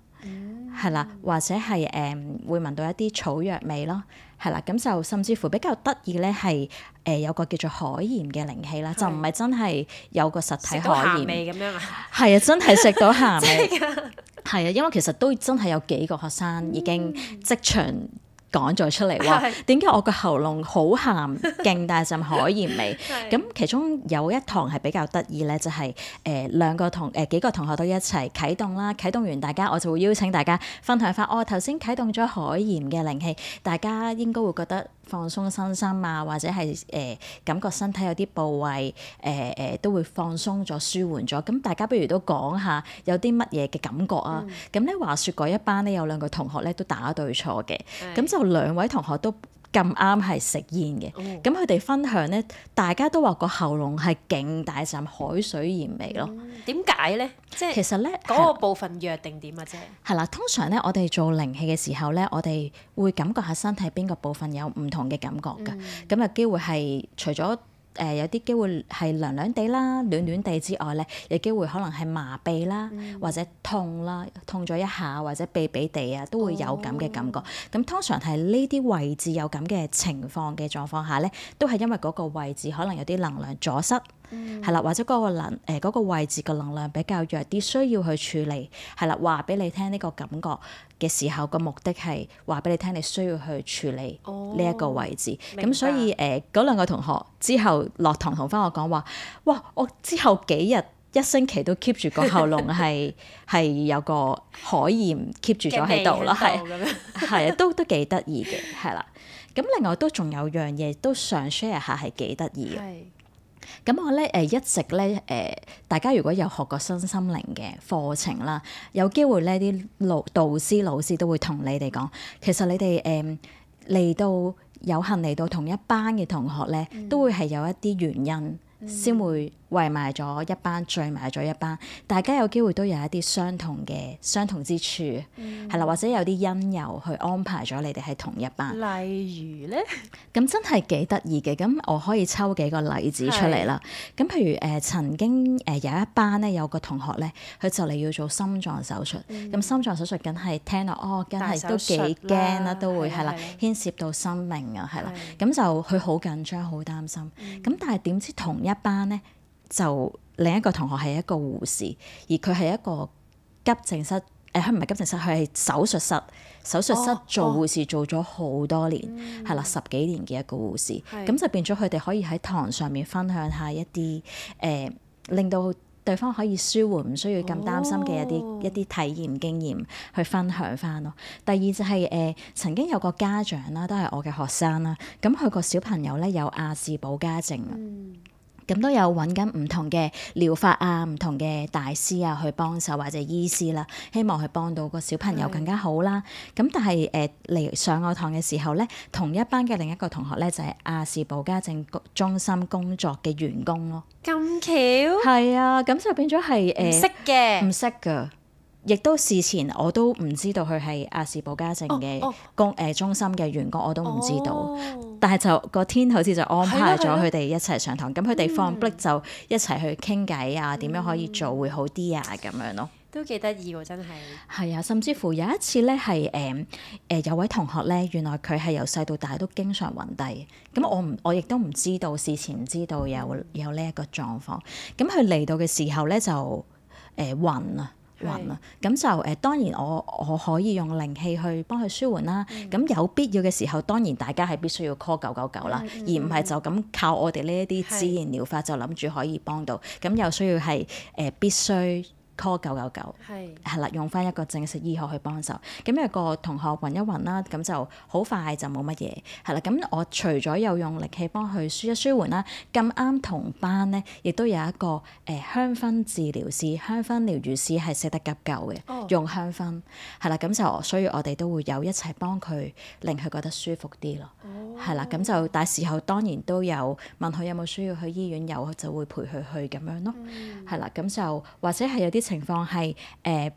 係啦、嗯，或者係誒、嗯、會聞到一啲草藥味咯，係啦。咁就甚至乎比較得意咧，係、呃、誒有個叫做海鹽嘅靈氣啦，的就唔係真係有個實體海鹽味咁樣啊，係啊，真係食到鹹味嘅，係 啊，因為其實都真係有幾個學生已經即場、嗯。嗯講咗出嚟話，點解的我個喉嚨好鹹，勁大陣海鹽味？咁 的其中有一堂係比較得意咧，就係、是、誒、呃、兩個同誒、呃、幾個同學都一齊啟動啦。啟動完大家，我就會邀請大家分享翻、 哦。我頭先啟動咗海鹽嘅靈氣，大家應該會覺得，放鬆身心啊，或者係誒、呃、感覺身體有啲部位誒誒、呃呃、都會放鬆咗、舒緩咗。咁大家不如都講下有啲乜嘢嘅感覺啊。咁咧、嗯、話説嗰一班咧有兩個同學咧都打對錯嘅，咁、嗯、就兩位同學都。咁啱係食煙嘅，咁佢哋分享咧，大家都話個喉嚨係勁大陣海水鹽味咯。點解咧？即係其實咧，嗰個部分弱定點啊？啫，係啦，通常咧，我哋做靈氣嘅時候咧，我哋會感覺下身體邊個部分有唔同嘅感覺㗎。咁嘅、嗯、機會係除咗。誒、呃、有啲機會係涼涼地啦、暖暖地之外咧，有機會可能係麻痹啦，或者痛啦，痛咗一下或者痹痹地啊，都會有咁嘅感覺。咁、哦、通常係呢啲位置有咁嘅情況嘅狀況下咧，都係因為嗰個位置可能有啲能量阻塞。係啦，嗯、或者嗰個能誒嗰、呃嗰個位置個能量比較弱啲，需要去處理。係、嗯、啦，話俾你聽呢個感覺嘅時候個目的係話俾你聽，你需要去處理呢一個位置。咁、哦、明白、所以誒，嗰、呃、兩個同學之後落堂同翻我講話，哇！我之後幾日一星期都 keep 住個喉嚨係係 有個海鹽 keep 住咗喺度咯，係係啊，都都幾得意嘅，係啦。咁另外都仲有樣嘢都想 share 下，係幾得意嘅。咁我咧誒一直咧誒，大家如果有學過身心靈嘅課程啦，有機會咧啲導導師老師都會同你哋講，其實你哋誒嚟到有幸嚟到同一班嘅同學咧，都會係有一啲原因。先會圍埋咗一班，聚埋咗一班，大家有機會都有一啲相同嘅相同之處，係啦，或者有啲因由去安排咗你哋喺同一班。例如咧，咁真係幾得意嘅，咁我可以抽幾個例子出嚟啦。咁譬如誒曾經誒有一班咧有個同學咧，佢就嚟要做心臟手術，咁心臟手術梗係聽到哦，梗係都幾驚啦，都會係啦，牽涉到生命啊，係啦，咁就佢好緊張，好擔心，咁但係點知同一一班咧就另一個同學係一個護士，而佢係一個急症室誒，唔、呃、係急症室，佢係手術室手術室做護士做咗好多年，係啦、哦哦，十幾年嘅一個護士，咁、嗯、就變咗佢哋可以喺堂上面分享一下一啲誒、呃，令到對方可以舒緩，唔需要咁擔心嘅一啲、哦、一啲體驗經驗去分享翻咯。第二就係、是、誒、呃，曾經有個家長啦，都係我嘅學生啦，咁佢個小朋友咧有亞氏保加症。咁都有揾緊唔同嘅療法啊，唔同嘅大師啊去幫手或者醫師啦，希望去幫到個小朋友更加好啦。咁、嗯、但係誒嚟上我堂嘅時候咧，同一班嘅另一個同學咧就係亞視保家政中心工作嘅員工咯。咁巧？係啊，咁就變咗係誒唔識嘅，唔識㗎。亦都事前我都唔知道佢係亞視保家政嘅公誒中心嘅員工，我都唔知道。但係就個天，好似就安排咗佢哋一齊上堂咁。佢哋放 break 就一齊去傾偈啊，點樣可以做會好啲啊？咁樣咯，都幾得意喎！真係係啊，甚至乎有一次咧，係誒誒有位同學咧，原來佢係由細到大都經常暈低。咁我唔我亦都唔知道事前唔知道有有呢一個狀況。咁佢嚟到嘅時候咧，就誒暈啊！暈啦，咁、嗯、就誒、呃、當然我我可以用靈氣去幫佢舒緩啦。咁、嗯、有必要嘅時候，當然大家係必須要 call 九九九啦，嗯、而唔係就咁靠我哋呢一啲自然療法就諗住可以幫到。咁又的需要係誒、呃、必須。call 九九九係係啦，99, 的用翻一個正式醫學去幫手。咁有個同學暈一暈啦，咁就好快就冇乜嘢係啦。咁我除咗有用力氣幫佢舒一舒緩啦，咁啱同班咧亦都有一個誒、呃、香薰治療師、香薰療癒師係食得急救嘅，哦、用香薰係啦。咁就所以我哋都會有一齊幫佢令佢覺得舒服啲咯。係啦、哦，咁就但係時候當然都有問佢有冇需要去醫院，有就會陪佢去咁樣咯。係啦、嗯，咁就或者係有啲。情況係誒、呃、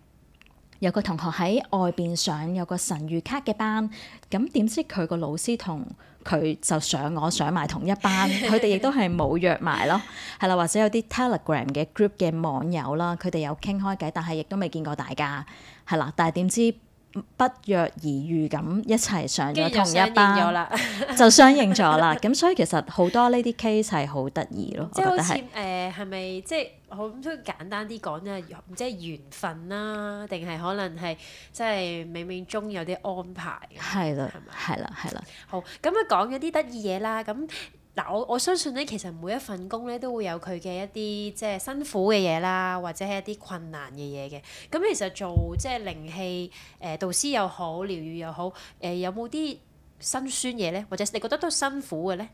有個同學喺外邊上有個神諭卡嘅班，咁點知佢個老師同佢就上我上埋同一班，佢哋亦都係冇約埋咯，係啦，或者有啲 Telegram 嘅 group 嘅網友啦，佢哋有傾開偈，但係亦都未見過大家，係啦，但係點知，不約而遇咁一齊上咗同一班，相就相應咗啦。咁 所以其實多好多呢啲 case 係好得意咯。即係好似誒係咪即係好簡單啲講咧，即係緣分啦、啊，定係可能係即係冥冥中有啲安排。係啦，係啦，係啦。好，咁啊，講咗啲得意嘢啦，咁吧。嗱，我我相信咧，其實每一份工咧都會有佢嘅一啲即係辛苦嘅嘢啦，或者係一啲困難嘅嘢嘅。咁其實做即係靈氣誒、呃、導師又好，療愈又好，誒、呃、有冇啲辛酸嘢咧？或者你覺得都辛苦嘅咧？誒、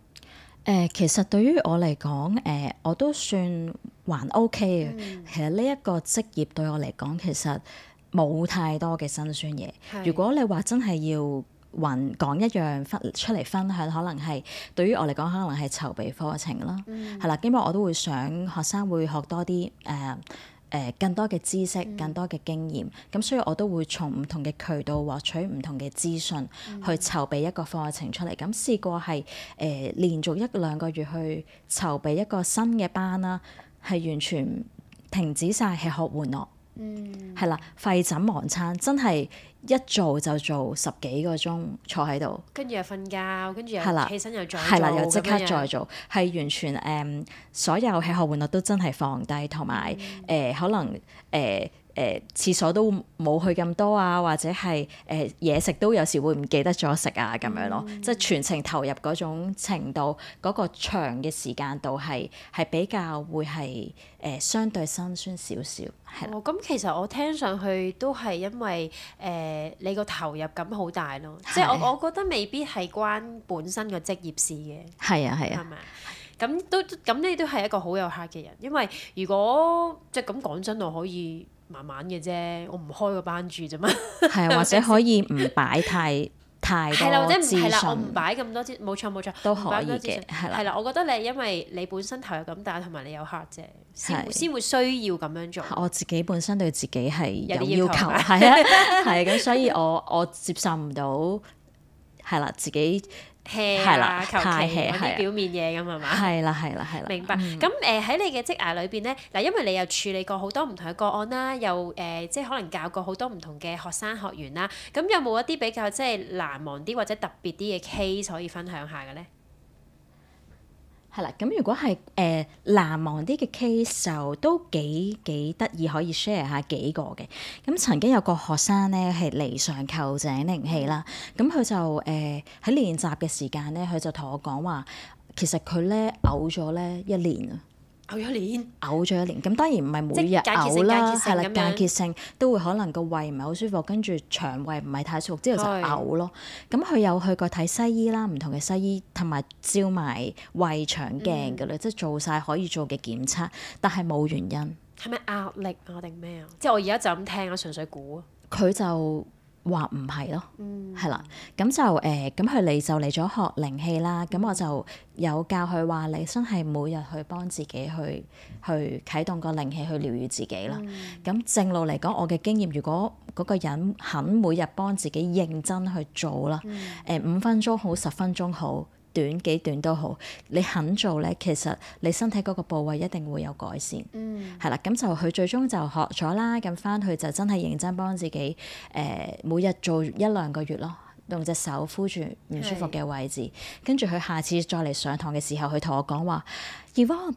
呃，其實對於我嚟講，誒、呃、我都算還 OK 嘅。嗯、其實呢一個職業對我嚟講，其實冇太多嘅辛酸嘢。的如果你話真係要，還講一樣出分出嚟分享，可能係對於我嚟講，可能係籌備課程啦，係啦、嗯。因為我都會想學生會學多啲誒誒更多嘅知識、更多嘅經驗。咁、嗯、所以我都會從唔同嘅渠道獲取唔同嘅資訊，去籌備一個課程出嚟。咁試過係誒、呃、連續一兩個月去籌備一個新嘅班啦，係完全停止晒吃喝玩樂。嗯，係啦，廢寢忘餐真係一做就做十幾個鐘坐喺度，跟住又瞓覺，跟住又起身又再做，係啦了，又即刻再做，係完全誒，um, 所有吃喝玩樂都真係放低，同埋誒可能誒。呃誒、呃、廁所都冇去咁多啊，或者係誒嘢食都有時會唔記得咗食啊，咁樣咯，嗯、即係全程投入嗰種程度，嗰、嗰個長嘅時間度係係比較會係誒、呃、相對辛酸少少係。咁其實我聽上去都係因為誒、呃、你個投入感好大咯，係啊即係我我覺得未必係關本身個職業事嘅。係啊，係啊，係咪？咁都咁你都係一個好有客嘅人，因為如果即係咁講真，我可以。慢慢嘅啫，我唔開個班住啫嘛。係 或者可以唔擺太太多資訊。我唔擺咁多資訊，冇錯冇錯，錯都可以嘅。係啦，係啦的，我覺得你因為你本身投入咁大，同埋你有客啫，先先的會需要咁樣做。我自己本身對自己係有要求，係啊，係 咁，所以我我接受唔到，係啦，自己。hea 啊，求其表面嘢咁係嘛？係啦，係啦，係啦。明白。咁誒喺你嘅職涯裏邊咧，嗱，因為你又處理過好多唔同嘅個案啦，又誒、呃，即係可能教過好多唔同嘅學生學員啦。咁有冇一啲比較即係難忘啲或者特別啲嘅 case 可以分享下嘅咧？係啦，咁如果係誒、呃、難忘啲嘅 case 就都幾幾得意，可以 share 下幾個嘅。咁、嗯、曾經有個學生咧係嚟上臼井靈氣啦，咁、嗯、佢就誒喺、呃、練習嘅時間咧，佢就同我講話，其實佢咧嘔咗咧一年啊。嘔咗一年，嘔咗一年，咁當然唔係每日嘔啦，係啦，間歇性，性都會可能個胃唔係好舒服，跟住腸胃唔係太舒服之後就嘔咯。咁佢是有去過睇西醫啦，唔同嘅西醫同埋照埋胃腸鏡㗎啦，嗯，即係做晒可以做嘅檢測，但係冇原因。係咪壓力啊？定咩啊？即係我而家就咁聽啊，純粹估。佢就。話唔係咯，係啦，咁、嗯、就誒，咁佢嚟就嚟咗學靈氣啦，咁我就有教佢話你真係每日去幫自己去去啟動個靈氣去療愈自己啦。咁、嗯、正路嚟講，我嘅經驗，如果嗰個人肯每日幫自己認真去做啦，誒五、嗯呃、分鐘好，十分鐘好。短幾短都好，你肯做咧，其實你身體嗰個部位一定會有改善。嗯，係啦，咁就佢最終就學咗啦，咁返去就真係認真幫自己誒、呃，每日做一兩個月咯，用隻手敷住唔舒服嘅位置，是跟住佢下次再嚟上堂嘅時候，佢同我講話，Yvone。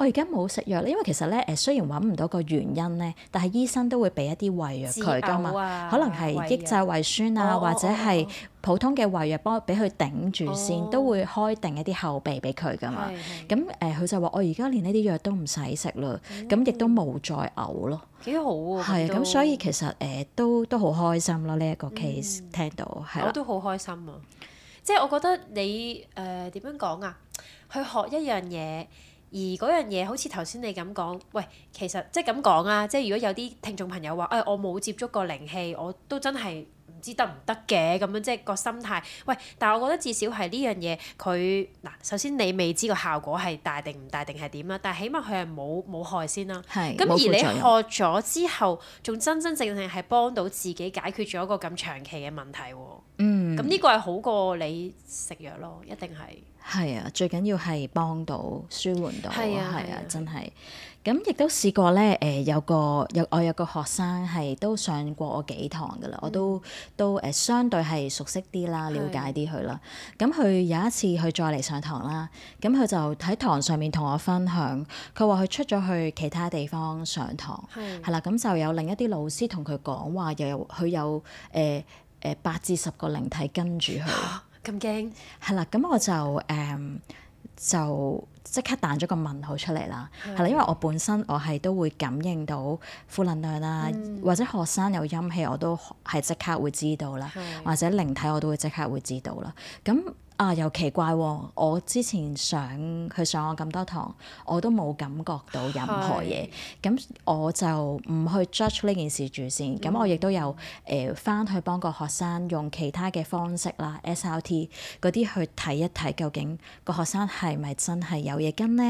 我而家冇食藥咧，因為其實咧誒，雖然揾唔到個原因咧，但係醫生都會俾一啲胃藥佢㗎嘛，可能係抑制胃酸啊，或者係普通嘅胃藥幫俾佢頂住先，都會開定一啲後備俾佢㗎嘛。咁誒，佢就話我而家連呢啲藥都唔使食咯，咁亦都冇再嘔咯，幾好喎。係啊，咁，所以其實誒都都好開心咯。呢一個 case 聽到係我都好開心啊，即係我覺得你誒點樣講啊？去學一樣嘢。而嗰樣嘢好似頭先你咁講，喂，其實即係咁講啊，即係如果有啲聽眾朋友話，誒、哎，我冇接觸過靈氣，我都真係唔知得唔得嘅，咁樣即係個心態。喂，但係我覺得至少係呢樣嘢，佢嗱，首先你未知個效果係大定唔大定係點啦，但係起碼佢係冇冇害先啦、啊。係是。咁而，而你學咗之後，仲真真正正係幫到自己解決咗一個咁長期嘅問題喎。嗯，嗯。咁呢個係好過你食藥咯，一定係。係啊，最緊要係幫到、舒緩到，係啊，啊真係。咁亦都試過咧，誒、呃、有個有我有個學生係都上過我幾堂嘅啦，嗯、我都都誒、呃、相對係熟悉啲啦，了解啲佢啦。咁佢是有一次佢再嚟上堂啦，咁佢就喺堂上面同我分享，佢話佢出咗去其他地方上堂，係啦、嗯，咁、啊、就有另一啲老師同佢講話，又有，佢有誒誒、呃呃呃、八至十個靈體跟住佢。咁驚係啦，咁我就誒、um，就即刻彈咗個問號出嚟啦。係啦的，因為我本身我係都會感應到負能量啦，嗯、或者學生有陰氣我都係即刻會知道啦，的或者靈體我都會即刻會知道啦。咁啊，又奇怪喎、啊！我之前上佢上我咁多堂，我都冇感覺到任何嘢，咁是我就唔去 judge 呢件事住先。咁、嗯、我亦都有誒翻、呃、去幫個學生用其他嘅方式啦，SRT 嗰啲去睇一睇究竟個學生係咪真係有嘢跟呢。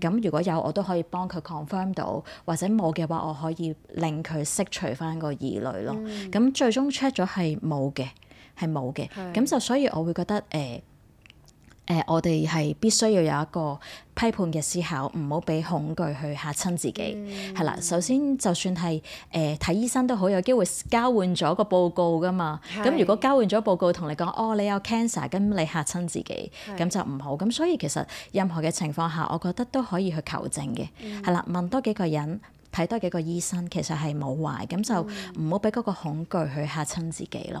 咁、嗯、如果有，我都可以幫佢 confirm 到，或者冇嘅話，我可以令佢消除翻個疑慮咯。咁、嗯、最終 check 咗係冇嘅。係冇嘅，咁就是所以我會覺得誒誒、呃呃，我哋係必須要有一個批判嘅思考，唔好俾恐懼去嚇親自己。係、嗯、啦，首先就算係誒睇醫生都好，有機會交換咗個報告㗎嘛。咁是如果交換咗報告同你講，哦，你有 cancer，咁你嚇親自己，咁是就唔好。咁所以其實任何嘅情況下，我覺得都可以去求證嘅。係、嗯、啦，問多幾個人。睇多幾個醫生，其實係冇壞，咁就唔好俾嗰個恐懼去嚇親自己咯。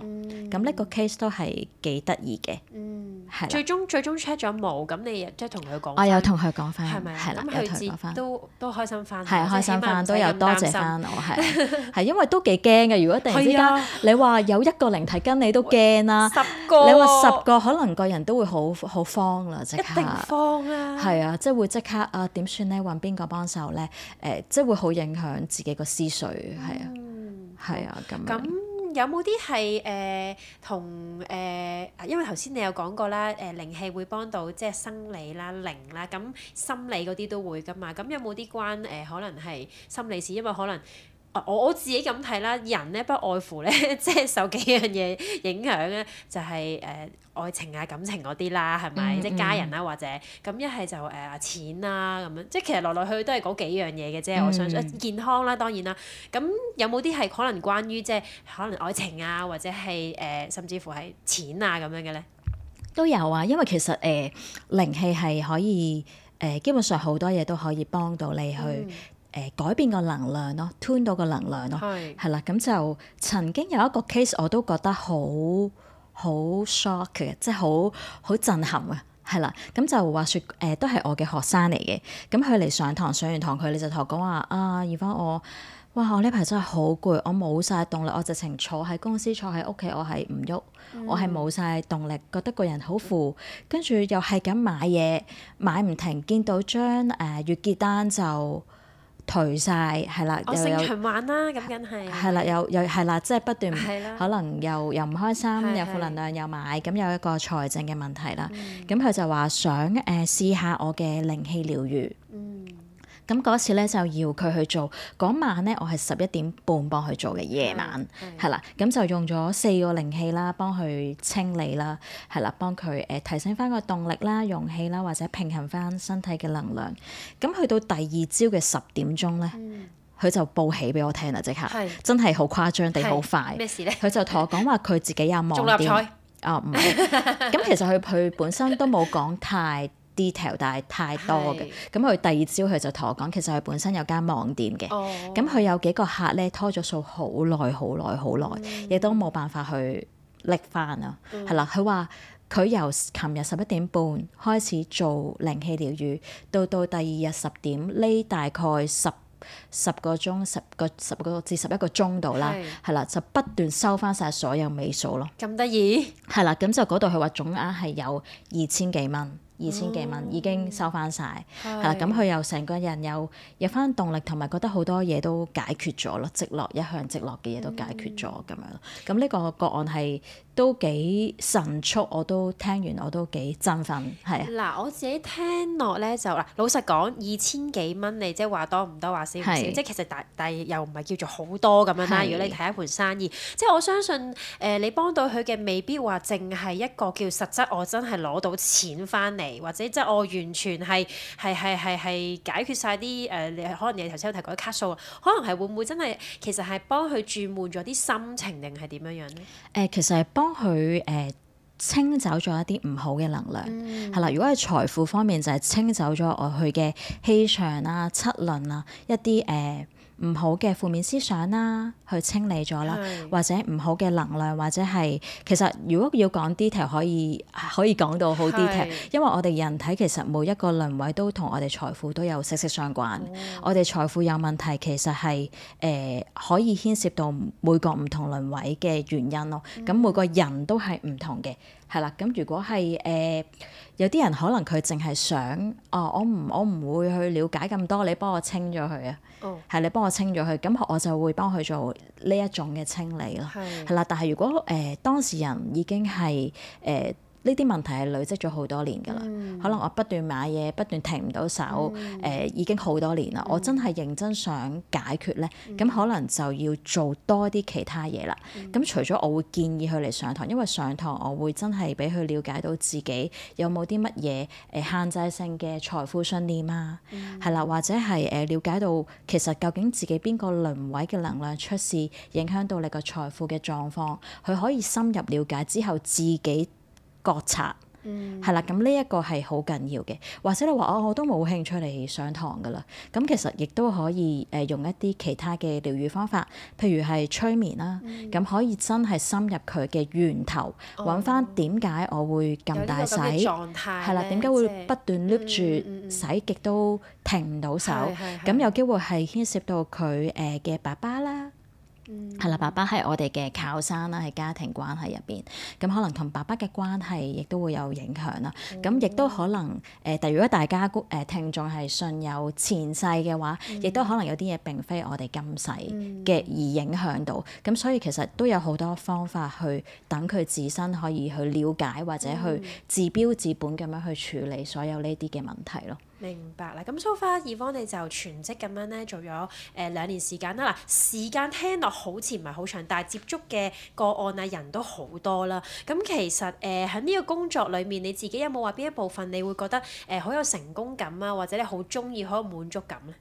咁呢個 case 都係幾得意嘅。嗯，係最終最終 check 咗冇，咁你即係同佢講。我有同佢講翻，係咪？有同佢講翻，咁佢都都開心翻，係開心翻，都有多謝翻我，係係因為都幾驚嘅。如果突然之間你話有一個靈體跟你都驚啦，你話十個可能個人都會好好慌啦，即刻慌啊，即係會即刻啊點算咧？揾邊個幫手咧？誒，即係會好影響自己個思緒，係啊，係、嗯、啊，咁。咁有冇啲係誒同誒、呃，因為頭先你有講過啦，誒、呃、靈氣會幫到即係生理啦、靈啦，咁心理嗰啲都會㗎嘛。咁有冇啲關誒、呃？可能係心理事，因為可能我我自己咁睇啦，人咧不外乎咧，即係受幾樣嘢影響咧，就係、是、誒。呃愛情啊、感情嗰啲啦，係咪？即係家人啦，嗯、或者咁一係就誒、呃、錢啦、啊，咁樣即係其實來來去去都係嗰幾樣嘢嘅啫。我相信、呃、健康啦、啊，當然啦。咁有冇啲係可能關於即係、就是、可能愛情啊，或者係誒、呃、甚至乎係錢啊咁樣嘅咧？都有啊，因為其實誒、呃、靈氣係可以誒、呃、基本上好多嘢都可以幫到你去誒、嗯呃、改變個能量咯 tune 到個能量咯，係啦的。咁就曾經有一個 case 我都覺得好，好 shock 嘅，即係好好震撼，呃、啊，係啦，咁就話説誒，都係我嘅學生嚟嘅。咁佢嚟上堂，上完堂，佢你就同我講話，啊，Yvone，我哇，我呢排真係好攰，我冇晒動力，我直情坐喺公司、坐喺屋企，我係唔喐，我係冇晒動力，覺得個人好負，跟住又係咁買嘢買唔停，見到張誒、呃、月結單就。頹晒，係啦，又循、哦、玩啦、啊，咁梗係係啦，又又係啦，即係不斷的可能又又唔開心，又負的能量，的又買咁有一個財政嘅問題啦。咁佢、嗯、就話想誒、呃、試下我嘅靈氣療愈。嗯。咁嗰次咧就要佢去做，嗰晚咧我係十一點半幫佢做嘅夜晚，係啦、嗯，咁、嗯、就用咗四個靈氣啦，幫佢清理啦，係啦，幫佢誒提升翻個動力啦、勇氣啦，或者平衡翻身體嘅能量。咁去到第二朝嘅十點鐘咧，佢、嗯、就報喜俾我聽啦，即刻的，真係好誇張地好快。咩事咧？佢就同我講話，佢自己有忙啲。重彩？啊唔係，咁其實佢佢本身都冇講太， detail，但係太多嘅咁。佢的第二朝佢就同我講，其實佢本身有間網店嘅。咁佢、哦、有幾個客咧，拖咗數好耐、好耐、好耐，亦都冇辦法去拎翻啊。係啦、嗯，佢話佢由琴日十一點半開始做靈氣療癒，到到第二日十點呢，大概十十個鐘、十個十個至十一個鐘度啦。係的，係啦，就不斷收翻晒所有尾數咯。咁得意係啦，咁就嗰度佢話總額係有二千幾蚊。二千幾蚊、哦、已經收翻晒，係啦是，咁佢、啊、又成個人又有有翻動力，同埋覺得好多嘢都解決咗咯，積落一向積落嘅嘢都解決咗咁、嗯、樣。咁呢個個案係都幾神速，我都聽完我都幾振奮，係。嗱，我自己聽落咧就嗱，老實講，二千幾蚊你多多死死是即係話多唔多話少唔少，即係其實但但又唔係叫做好多咁樣啦。如果你睇一盤生意，是即係我相信誒、呃、你幫到佢嘅未必話淨係一個叫實質，我真係攞到錢翻嚟。或者即係我完全係係係係係解決晒啲誒，可能你頭先有提到嗰啲卡數，可能係會唔會真係其實係幫佢轉換咗啲心情，定係點樣樣咧？誒、呃，其實係幫佢誒、呃、清走咗一啲唔好嘅能量，係、嗯、啦。如果係財富方面，就係、是、清走咗佢嘅嘅氣場啊、七輪啊、一啲誒。呃唔好嘅負面思想啦，去清理咗啦，的或者唔好嘅能量，或者係其實如果要講 detail，可以可以講到好 detail，因為我哋人體其實每一個輪位都同我哋財富都有息息相關，哦、我哋財富有問題其實係誒、呃、可以牽涉到每個唔同輪位嘅原因咯，咁、嗯、每個人都係唔同嘅。係啦，咁如果係誒、呃、有啲人可能佢淨係想哦，我唔我唔會去了解咁多，你幫我清咗佢啊，係、哦、你幫我清咗佢，咁我就會幫佢做呢一種嘅清理咯，係啦的。但係如果誒、呃、當事人已經係誒、呃呢啲問題係累積咗好多年㗎啦。嗯、可能我不斷買嘢，不斷停唔到手。誒、嗯呃，已經好多年啦。嗯、我真係認真想解決咧，咁、嗯、可能就要做多啲其他嘢啦。咁、嗯、除咗我會建議佢嚟上堂，因為上堂我會真係俾佢了解到自己有冇啲乜嘢誒限制性嘅財富信念啊，係、嗯、啦，或者係誒了解到其實究竟自己邊個輪位嘅能量出事，影響到你個財富嘅狀況。佢可以深入了解之後，自己覺察係啦，咁呢一個係好緊要嘅。或者你話哦，我都冇興趣嚟上堂㗎啦。咁其實亦都可以誒用一啲其他嘅療愈方法，譬如係催眠啦。咁、嗯、可以真係深入佢嘅源頭，揾翻點解我會咁大洗？狀態係啦，點解會不斷 loop 住洗極、嗯嗯嗯、都停唔到手？咁、嗯嗯嗯、有機會係牽涉到佢誒嘅爸爸啦。係啦，嗯、爸爸係我哋嘅靠山啦，喺家庭關係入邊，咁可能同爸爸嘅關係亦都會有影響啦。咁亦、嗯、都可能誒，但、呃、如果大家誒、呃、聽眾係信有前世嘅話，亦、嗯、都可能有啲嘢並非我哋今世嘅而影響到。咁、嗯、所以其實都有好多方法去等佢自身可以去了解或者去治標治本咁樣去處理所有呢啲嘅問題咯。明白啦，咁 so far Yvone 你就全職咁樣咧做咗誒、呃、兩年時間啦。嗱，時間聽落好似唔係好長，但係接觸嘅個案啊人都，都好多啦。咁其實誒喺呢個工作裏面，你自己有冇話邊一部分你會覺得誒好、呃、有成功感啊，或者你好中意，好有滿足感咧？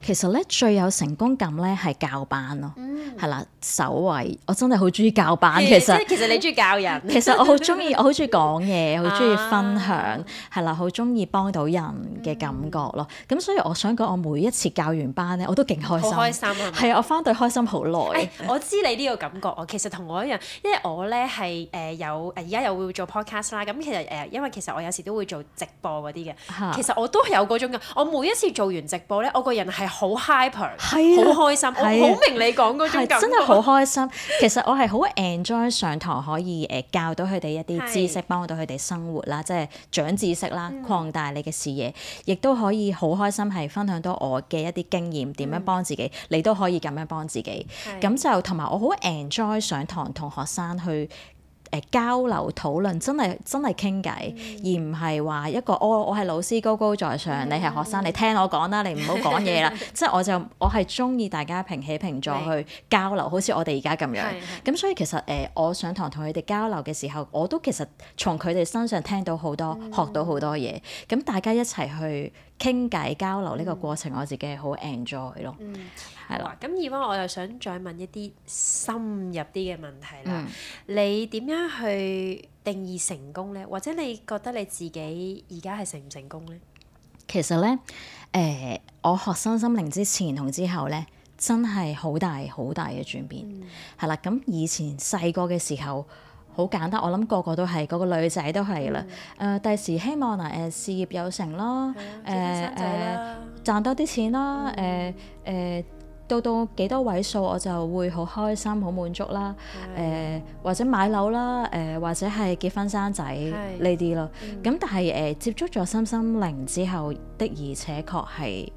其實咧，最有成功感咧係教班咯。係啦，首位，嗯，我真係好中意教班。其實其實你中意教人。 其實我好中意，我好中意講嘢，好中意分享，係啦、啊，好中意幫到人嘅感覺咯。咁、嗯、所以我想講我每一次教完班咧，我都勁開心。好開心啊！係啊對，是是我翻對開心好耐。誒，我知你呢個感覺，哦。其實同我一樣，因為我咧係誒有誒，而家又會做 podcast 啦。咁其實誒因為其實我有時都會做直播嗰啲嘅。其實我都係有嗰種嘅。我每一次做完直播咧，我個人係好 hyper，係好開心。好、啊啊、明你講。係真係好開心，其實我係好 enjoy 上堂可以誒教到佢哋一啲知識， 幫到佢哋生活啦，即係長知識啦，擴大你嘅視野，亦都可以好開心係分享到我嘅一啲經驗，點 樣幫自己，你都可以咁樣幫自己。咁 就同埋我好 enjoy 上堂同學生去。誒，交流討論真係真係傾偈，mm hmm. 而唔係話一個、哦、我我係老師高高在上，mm hmm. 你係學生，你聽我講啦，你唔好講嘢啦。即係 我就我係中意大家平起平坐去交流，是好似我哋而家咁樣。咁的所以其實誒、呃，我上堂同佢哋交流嘅時候，我都其實從佢哋身上聽到好多，mm hmm. 學到好多嘢。咁大家一齊去。傾偈交流呢個過程，嗯、我自己係好 enjoy 咯，係啦、嗯。咁而家我又想再問一啲深入啲嘅問題啦。你點樣去定義成功呢？或者你覺得你自己而家係成唔成功呢？其實呢，誒、呃，我學身心靈之前同之後呢，真係好大好大嘅轉變，係啦。咁、嗯、以前細個嘅時候。好簡單，我諗個個都係個個，個女仔都係啦。誒、嗯，第時、呃、希望嗱誒、呃、事業有成咯，誒誒、嗯呃、賺多啲錢啦，誒誒、嗯呃、到到幾多位數我就會好開心好滿足啦。誒、嗯呃、或者買樓啦，誒、呃、或者係結婚生仔呢啲是咯。咁、嗯、但係誒、呃、接觸咗心心靈之後的而且確係。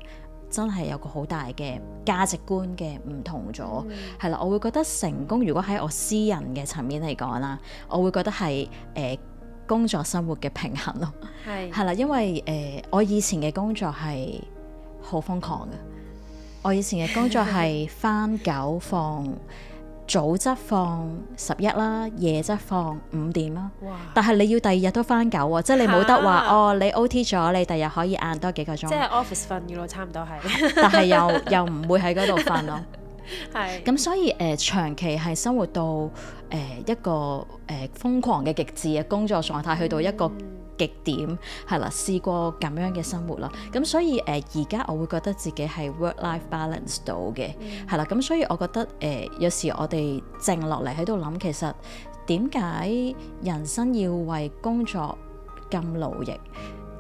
真係有個好大嘅價值觀嘅唔同咗，係啦、嗯，我會覺得成功如果喺我私人嘅層面嚟講啦，我會覺得係誒、呃、工作生活嘅平衡咯，係係啦，因為誒我以前嘅工作係好瘋狂嘅，我以前嘅工作係返九放。 早則放十一啦，夜則放五點啦。哇但係你要第二日都翻九喎，即係你冇得話哦。你 OT 咗，你第二日可以晏多幾個鐘。即係 office 瞓嘅咯，差唔多係。但係又 又唔會喺嗰度瞓咯。係 是。咁所以誒、呃，長期係生活到誒、呃、一個誒、呃、瘋狂嘅極致嘅工作狀態，嗯、去到一個極點係啦，試過咁樣嘅生活啦，咁所以誒而家我會覺得自己係 work-life balance 到嘅，係、嗯、啦，咁所以我覺得誒、呃、有時我哋靜落嚟喺度諗，其實點解人生要為工作咁勞役？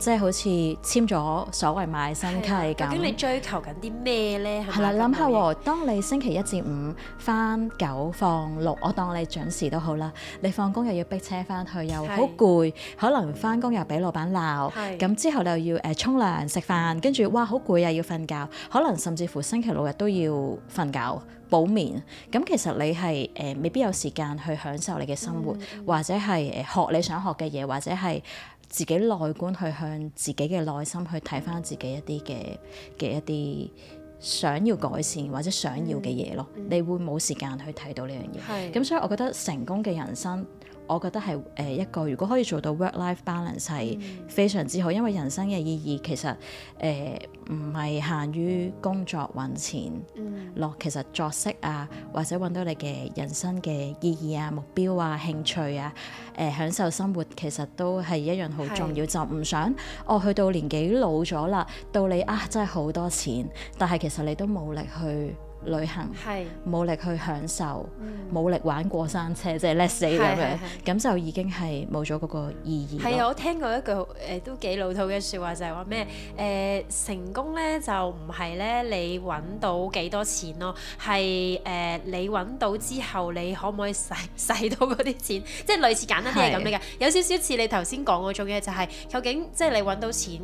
即係好似簽咗所謂賣身契咁。究竟你追求緊啲咩咧？係啦，諗下，當你星期一至五翻九放六，我當你準時都好啦。你放工又要逼車翻去，又好攰。的可能翻工又俾老闆鬧。咁的之後你又要誒沖涼、食、呃、飯，跟住的哇好攰啊，要瞓覺。可能甚至乎星期六日都要瞓覺補眠。咁其實你係誒、呃、未必有時間去享受你嘅生活，嗯、或者係誒學你想學嘅嘢，或者係。自己內觀，去向自己嘅內心去睇返自己一啲嘅嘅一啲想要改善或者想要嘅嘢咯，嗯嗯、你會冇時間去睇到呢樣嘢，咁是所以我覺得成功嘅人生。我覺得係誒一個，如果可以做到 work-life balance 係非常之好，因為人生嘅意義其實誒唔係限於工作揾錢落，嗯、其實作息啊，或者揾到你嘅人生嘅意義啊、目標啊、興趣啊，誒、呃、享受生活其實都係一樣好重要。是就唔想我、哦、去到年紀老咗啦，到你啊真係好多錢，但係其實你都冇力去。旅行係冇是力去享受，冇、嗯、力玩過山車，即係叻死咁樣，咁就已經係冇咗嗰個意義。係啊，我聽過一句誒、呃、都幾老土嘅説話，就係話咩？誒、呃、成功咧就唔係咧你揾到幾多錢咯，係誒、呃、你揾到之後，你可唔可以使使到嗰啲錢？即係類似簡單啲係咁嚟嘅，是有少少似你頭先講嗰種嘢，就係、是、究竟即係你揾到錢，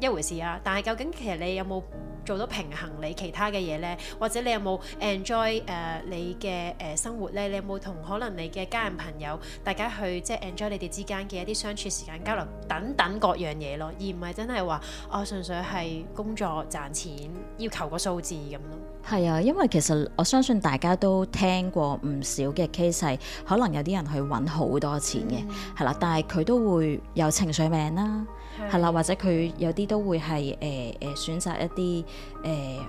一回事啊，但係究竟其實你有冇做到平衡你其他嘅嘢呢？或者你有冇 enjoy 誒你嘅誒生活呢？你有冇同可能你嘅家人朋友大家去即係 enjoy 你哋之間嘅一啲相處時間交流等等各樣嘢咯？而唔係真係話哦純粹係工作賺錢要求個數字咁咯？係啊，因為其實我相信大家都聽過唔少嘅 case 係可能有啲人去揾好多錢嘅係啦，但係佢都會有情緒病啦。係啦，或者佢有啲都會係誒誒選擇一啲誒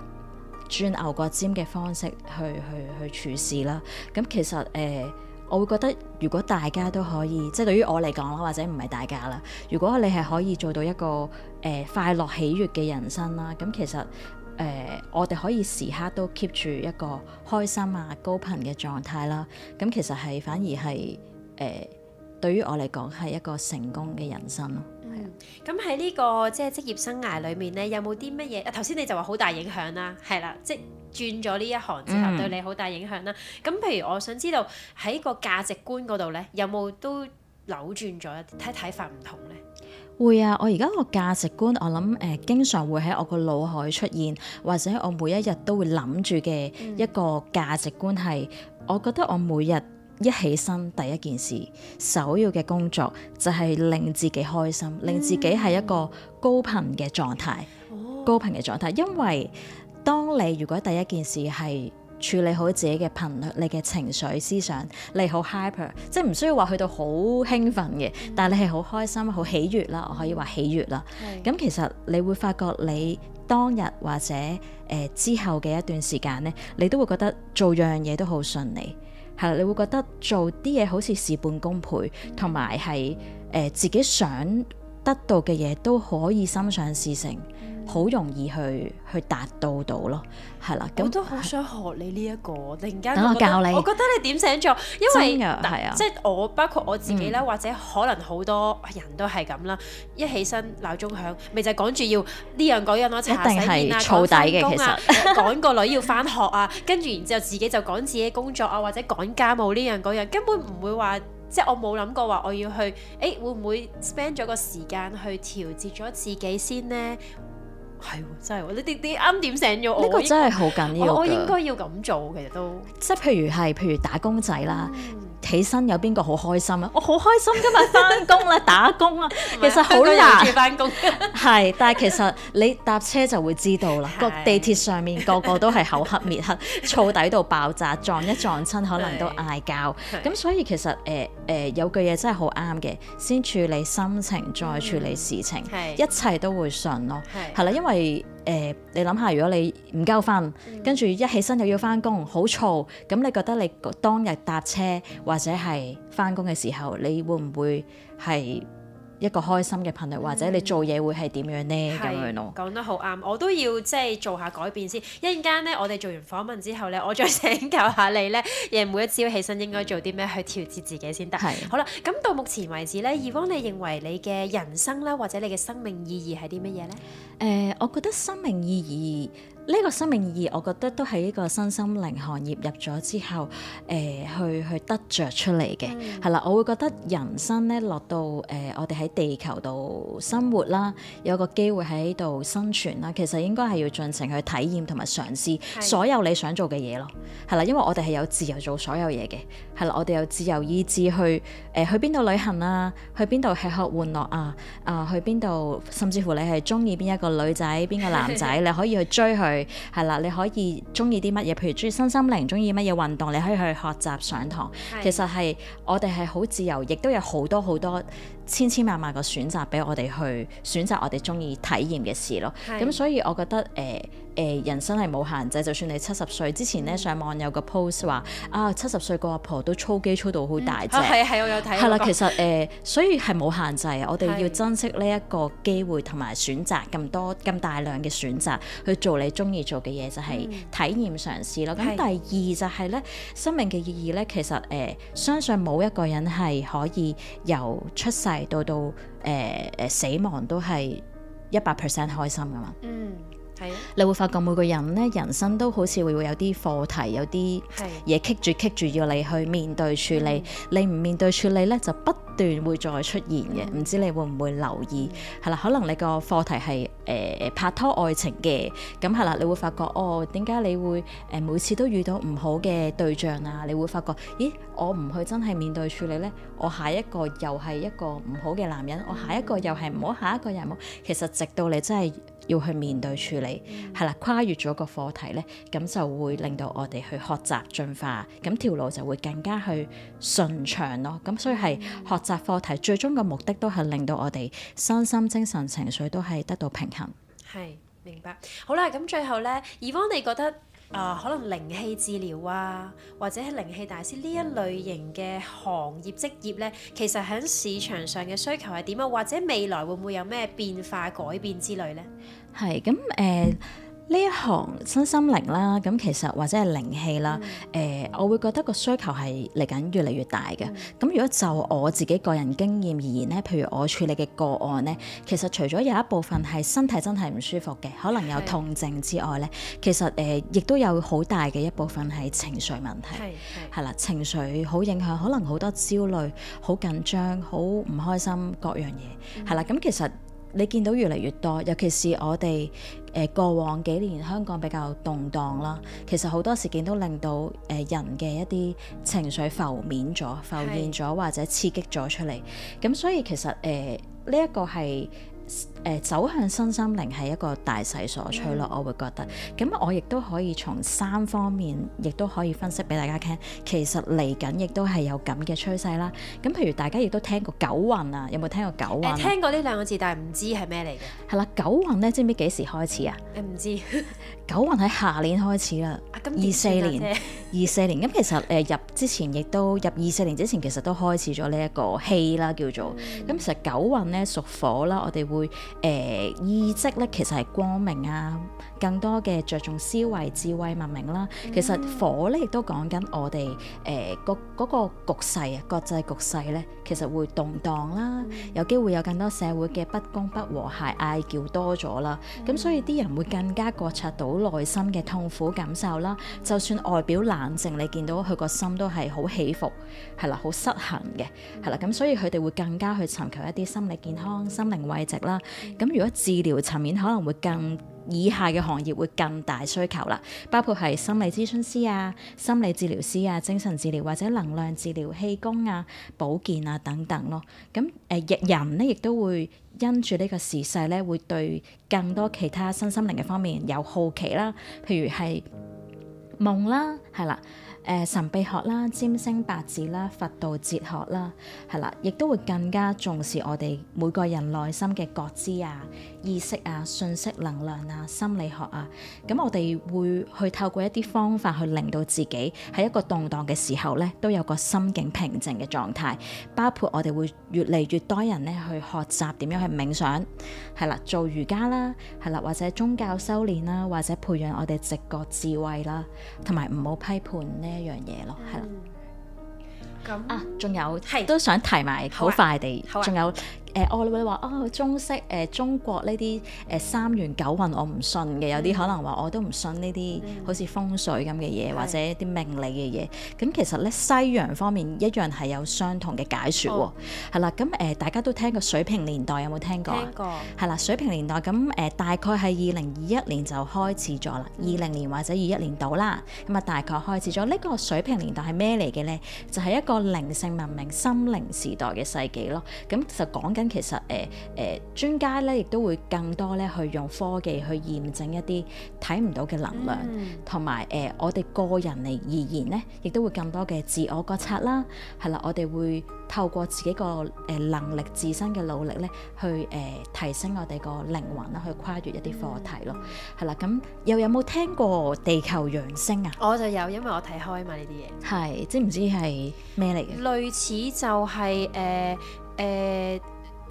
轉牛角尖嘅方式去去去處事啦。咁其實誒、呃，我會覺得如果大家都可以，即係對於我嚟講啦，或者唔係大家啦，如果你係可以做到一個誒、呃、快樂喜悅嘅人生啦，咁其實誒、呃，我哋可以時刻都 keep 住一個開心啊，高頻嘅狀態啦。咁其實係反而係誒、呃，對於我嚟講係一個成功嘅人生咯。咁喺呢個即係、就是、職業生涯裏面咧，有冇啲乜嘢？啊頭先你就話好大影響啦，係啦，即係轉咗呢一行之後、嗯、對你好大影響啦。咁譬如我想知道喺個價值觀嗰度咧，有冇都扭轉咗一啲睇睇法唔同咧？會啊，我而家個價值觀，我諗誒、呃、經常會喺我個腦海出現，或者我每一日都會諗住嘅一個價值觀係，嗯、我覺得我每日，一起身第一件事首要嘅工作就係令自己開心，嗯、令自己係一個高頻嘅狀態，哦、高頻嘅狀態。因為當你如果第一件事係處理好自己嘅頻率、你嘅情緒、思想，你好 hyper，即係唔需要話去到好興奮嘅，嗯、但係你係好開心、好喜悅啦，我可以話喜悅啦。咁、嗯、其實你會發覺你當日或者誒、呃、之後嘅一段時間咧，你都會覺得做樣嘢都好順利。係啦，你會覺得做啲嘢好似事半功倍，同埋係誒自己想得到嘅嘢都可以心想事成。好容易去去達到到咯，係啦。嗯、我都好想學你呢、這、一個。突然間我，我教你。我覺得你點醒咗，因為真啊！即係我包括我自己啦，嗯、或者可能好多人都係咁啦。一起身鬧鐘響，咪就係講住要呢樣嗰樣咯，刷洗面底嘅。掃地啊、趕個女要翻學啊，跟住 然之後，後自己就趕自己工作啊，或者趕家務呢樣嗰樣，根本唔會話即係我冇諗過話我要去，誒、欸、會唔會 spend 咗個時間去調節咗自己先呢？係喎、 哦，真係喎！你啲啲啱點醒咗我。呢個真係好緊要。我應我應該要咁做。其實都即係譬如係譬如打工仔啦。嗯起身有邊個好開心啊？我、哦、好開心㗎嘛，翻工咧，打工啦，其實好耐冇翻工。係，但係其實你搭車就會知道啦，個 地鐵上面個個都係口黑面黑，燥底到爆炸，撞一撞親可能都嗌交。咁所以其實誒誒、呃呃、有句嘢真係好啱嘅，先處理心情，再處理事情，嗯、一切都會順咯。係啦是，是因為。誒、呃，你諗下，如果你唔夠瞓，跟住、嗯、一起身又要翻工，好嘈，咁你覺得你當日搭車或者係翻工嘅時候，你會唔會係一個開心嘅頻率，或者你做嘢會係點樣呢？咁樣咯，講得好啱，我都要即係做下改變先。一陣間咧，我哋做完訪問之後咧，我再請教下你咧，誒，每一朝起身應該做啲咩去調節自己先得。係是。好啦，咁到目前為止咧，Yvone，你認為你嘅人生啦，或者你嘅生命意義係啲乜嘢咧？誒、呃，我覺得生命意義。呢個生命意義，我覺得都係呢個身心靈行業入咗之後，誒、呃、去去得着出嚟嘅，係、嗯、啦。我會覺得人生咧落到誒、呃，我哋喺地球度生活啦，有個機會喺度生存啦，其實應該係要盡情去體驗同埋嘗試所有你想做嘅嘢咯，係是啦，因為我哋係有自由做所有嘢嘅，係啦，我哋有自由意志去誒、呃、去邊度旅行啊，去邊度吃喝玩樂啊，啊、呃、去邊度，甚至乎你係中意邊一個女仔、邊個男仔，你可以去追佢。 係啦，你可以中意啲乜嘢？譬如中意身心靈，中意乜嘢運動，你可以去學習上堂。是的 其實係我哋係好自由，亦都有好多好多。千千萬萬個選擇俾我哋去選擇我哋中意體驗嘅事咯。咁是、嗯、所以我覺得誒誒、呃呃、人生係冇限制，就算你七十歲之前咧，嗯、上網有個 post 話啊，七十歲個阿婆都操機操到好大隻。係係、嗯哦、我有睇。係啦，其實誒、呃、所以係冇限制。我哋要珍惜呢一個機會同埋選擇咁多咁大量嘅選擇去做你中意做嘅嘢，就係、是、體驗嘗試咯。咁、嗯嗯、第二就係咧，生命嘅意義咧，其實誒、呃、相信冇一個人係可以由出世。到到誒誒死亡都係一百 percent 開心噶嘛？嗯。你會發覺每個人咧，人生都好似會會有啲課題，有啲嘢，棘住棘住，要你去面對處理。的你唔面對處理咧，就不斷會再出現嘅。唔的知你會唔會留意？係啦，可能你個課題係誒、呃、拍拖愛情嘅，咁係啦，你會發覺哦，點解你會誒每次都遇到唔好嘅對象啊？你會發覺，咦，我唔去真係面對處理呢？我下一個又係一個唔好嘅男人，的我下一個又係唔好，下一個又係唔好。其實直到你真係。要去面對處理，係、mm hmm. 啦，跨越咗個課題咧，咁就會令到我哋去學習進化，咁條路就會更加去順暢咯。咁所以係學習課題，mm hmm. 最終嘅目的都係令到我哋身心精神情緒都係得到平衡。係，明白。好啦，咁最後咧 Yvone 你覺得？啊，uh, 可能靈氣治療啊，或者係靈氣大師呢一類型嘅行業職業呢，其實喺市場上嘅需求係點啊？或者未來會唔會有咩變化改變之類呢？係咁誒。呢一行身心靈啦，咁其實或者係靈氣啦，誒、mm hmm. 呃，我會覺得個需求係嚟緊越嚟越大嘅。咁、mm hmm. 如果就我自己個人經驗而言咧，譬如我處理嘅個案咧，其實除咗有一部分係身體真係唔舒服嘅，可能有痛症之外咧，mm hmm. 其實誒、呃、亦都有好大嘅一部分係情緒問題，係啦、mm hmm.，情緒好影響，可能好多焦慮、好緊張、好唔開心各樣嘢，係啦、mm，咁其實。你見到越嚟越多，尤其是我哋誒、呃、過往幾年香港比較動盪啦，其實好多事件都令到誒、呃、人嘅一啲情緒浮面咗、浮現咗或者刺激咗出嚟，咁所以其實誒呢一個係。誒、呃、走向身心靈係一個大勢所趨咯，嗯、我會覺得。咁我亦都可以從三方面，亦都可以分析俾大家聽。其實嚟緊亦都係有咁嘅趨勢啦。咁譬如大家亦都聽過九運啊，有冇聽過九運？誒、呃，聽過呢兩個字，但係唔知係咩嚟嘅。係啦、嗯，九運咧，知唔知幾時開始啊？誒、呃，唔知。 九運喺下年開始啦。今年二四年，二四年。咁、 嗯、其實誒、呃、入之前，亦都入二四年之前，前其實都開始咗呢一個氣啦，叫做。咁、嗯嗯、其實九運咧屬火啦，我哋會。誒、呃、意識咧，其實係光明啊！更多嘅着重思維、智慧、文明啦。其實火咧，亦都講緊我哋誒、呃、個嗰個局勢啊，國際局勢咧，其實會動盪啦，有機會有更多社會嘅不公不和諧嗌叫多咗啦。咁所以啲人會更加覺察到內心嘅痛苦感受啦。就算外表冷靜，你見到佢個心都係好起伏，係啦，好失衡嘅，係啦。咁所以佢哋會更加去尋求一啲心理健康、心靈慰藉啦。咁如果治療層面可能會更以下嘅行業會更大需求啦，包括係心理諮詢師啊、心理治療師啊、精神治療或者能量治療、氣功啊、保健啊等等咯。咁誒、呃、人呢亦都會因住呢個時勢咧，會對更多其他身心靈嘅方面有好奇啦，譬如係夢啦，係啦。誒、呃、神秘學啦、占星八字啦、佛道哲學啦，係啦，亦都會更加重視我哋每個人內心嘅覺知啊。意識啊、信息、能量啊、心理學啊，咁我哋會去透過一啲方法去令到自己喺一個動盪嘅時候呢，都有個心境平靜嘅狀態，包括我哋會越嚟越多人呢去學習點樣去冥想，係啦，做瑜伽啦，係啦，或者宗教修煉啦，或者培養我哋直覺智慧啦，同埋唔好批判呢一樣嘢咯，係啦。咁、嗯嗯、啊，仲有係是都想提埋好、啊、快地，仲、啊、有。誒我會話啊中式誒中國呢啲誒三元九運我唔信嘅，有啲可能話我都唔信呢啲好似風水咁嘅嘢，或者一啲命理嘅嘢。咁其實咧西洋方面一樣係有相同嘅解説喎。係啦，咁誒大家都聽過水平年代，有冇聽過？聽過。係啦，水平年代咁誒大概係二零二一年就開始咗啦，二零年或者二一年度啦。咁啊大概開始咗呢個水平年代係咩嚟嘅咧？就係一個靈性文明、心靈時代嘅世紀咯。咁就講嘅。其實誒誒專家咧，亦都會更多咧去用科技去驗證一啲睇唔到嘅能量，同埋誒我哋個人嚟而言咧，亦都會更多嘅自我覺察啦。係、嗯、啦，我哋會透過自己個誒、呃、能力、自身嘅努力咧，去誒、呃、提升我哋個靈魂啦，去跨越一啲課題咯。係啦，咁、嗯、又有冇聽過地球揚升啊？我就有，因為我睇開嘛呢啲嘢。係，知唔知係咩嚟嘅？類似就係誒誒。呃呃呃呃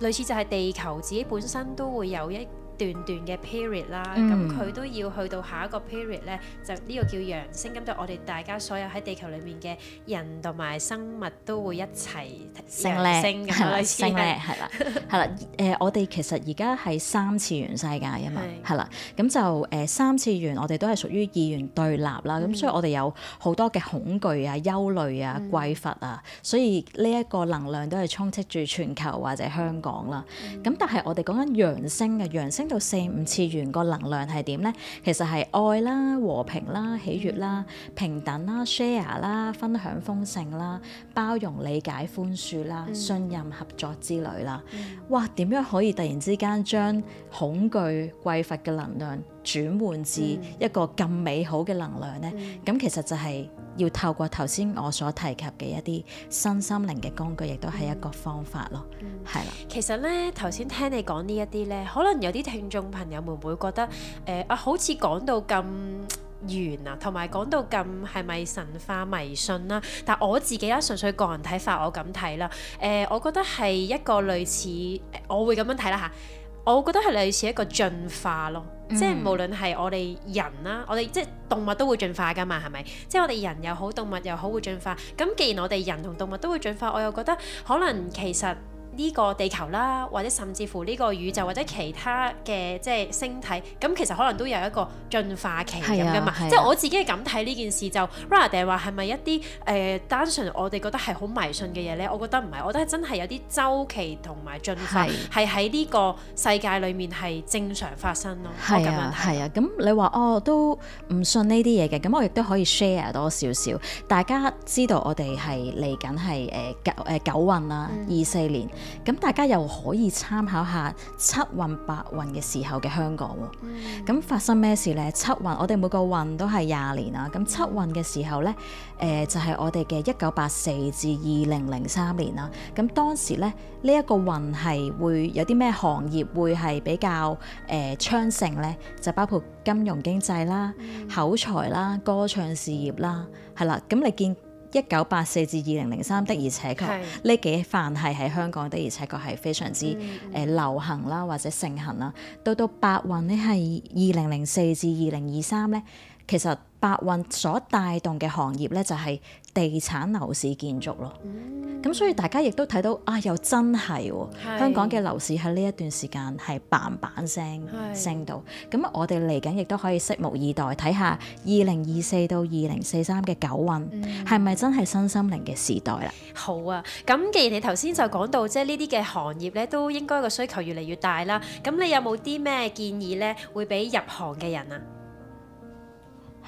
類似就係地球自己本身都會有一。段段嘅 period 啦，咁佢都要去到下一個 period 咧，就呢個叫揚升，咁就我哋大家所有喺地球裏面嘅人同埋生物都會一齊升咧，係啦，升咧，係啦，係啦，誒，我哋其實而家係三次元世界啊嘛，係啦，咁就誒三次元我哋都係屬於二元對立啦，咁所以我哋有好多嘅恐懼啊、憂慮啊、匱乏啊，所以呢一個能量都係充斥住全球或者香港啦，咁但係我哋講緊揚升嘅，揚升。到四五次元個能量係點呢？其實係愛啦、和平啦、喜悅啦、平等啦、share 啦、分享豐盛啦、包容理解寬恕啦、信任合作之類啦。哇、嗯！點樣可以突然之間將恐懼、匱乏嘅能量？轉換至一個咁美好嘅能量呢，咁、嗯、其實就係要透過頭先我所提及嘅一啲身心靈嘅工具，亦都係一個方法咯，係、嗯、啦。其實呢，頭先聽你講呢一啲呢，可能有啲聽眾朋友們會，會覺得誒、呃、啊，好似講到咁玄啊，同埋講到咁係咪神化迷信啦、啊？但我自己啦，純粹個人睇法，我咁睇啦。誒、呃，我覺得係一個類似，我會咁樣睇啦嚇。我覺得係類似一個進化咯。即係無論係我哋人啦，我哋即係動物都會進化㗎嘛，係咪？即係我哋人又好，動物又好會進化。咁既然我哋人同動物都會進化，我又覺得可能其實。呢個地球啦，或者甚至乎呢個宇宙，或者其他嘅即係星體，咁其實可能都有一個進化期咁嘅嘛。即係、啊、我自己咁睇呢件事就，就 rather 話係咪一啲誒、呃、單純我哋覺得係好迷信嘅嘢呢？嗯、我覺得唔係，我覺得真係有啲周期同埋進化係喺呢個世界裏面係正常發生咯。係啊，係啊，咁、啊嗯、你話哦都唔信呢啲嘢嘅，咁我亦都可以 share 多少少，大家知道我哋係嚟緊係誒誒九運啦，二四、uh, uh, uh, 年。咁大家又可以參考下七運八運嘅時候嘅香港喎，哦、咁、嗯、發生咩事呢？七運我哋每個運都係廿年啦，咁七運嘅時候呢，誒、呃、就係、是、我哋嘅一九八四至二零零三年啦。咁當時呢，呢、這、一個運係會有啲咩行業會係比較誒、呃、昌盛呢？就包括金融經濟啦、嗯、口才啦、歌唱事業啦，係啦。咁你見，一九八四至二零零三的而且確，呢 Okay. 幾範係喺香港的而且確係非常之誒流行啦，或者盛行啦。到到八運呢，係二零零四至二零二三咧。其實百運所帶動嘅行業咧，就係、是、地產、樓市、建築咯。咁、嗯、所以大家亦都睇到啊，又真係喎、啊，是香港嘅樓市喺呢一段時間係嘭嘭聲升到。咁我哋嚟緊亦都可以拭目以待，睇下二零二四到二零四三嘅九運係咪、嗯、真係新心靈嘅時代啦。好啊，咁既然你頭先就講到即係呢啲嘅行業咧，都應該個需求越嚟越大啦。咁你有冇啲咩建議咧，會俾入行嘅人啊？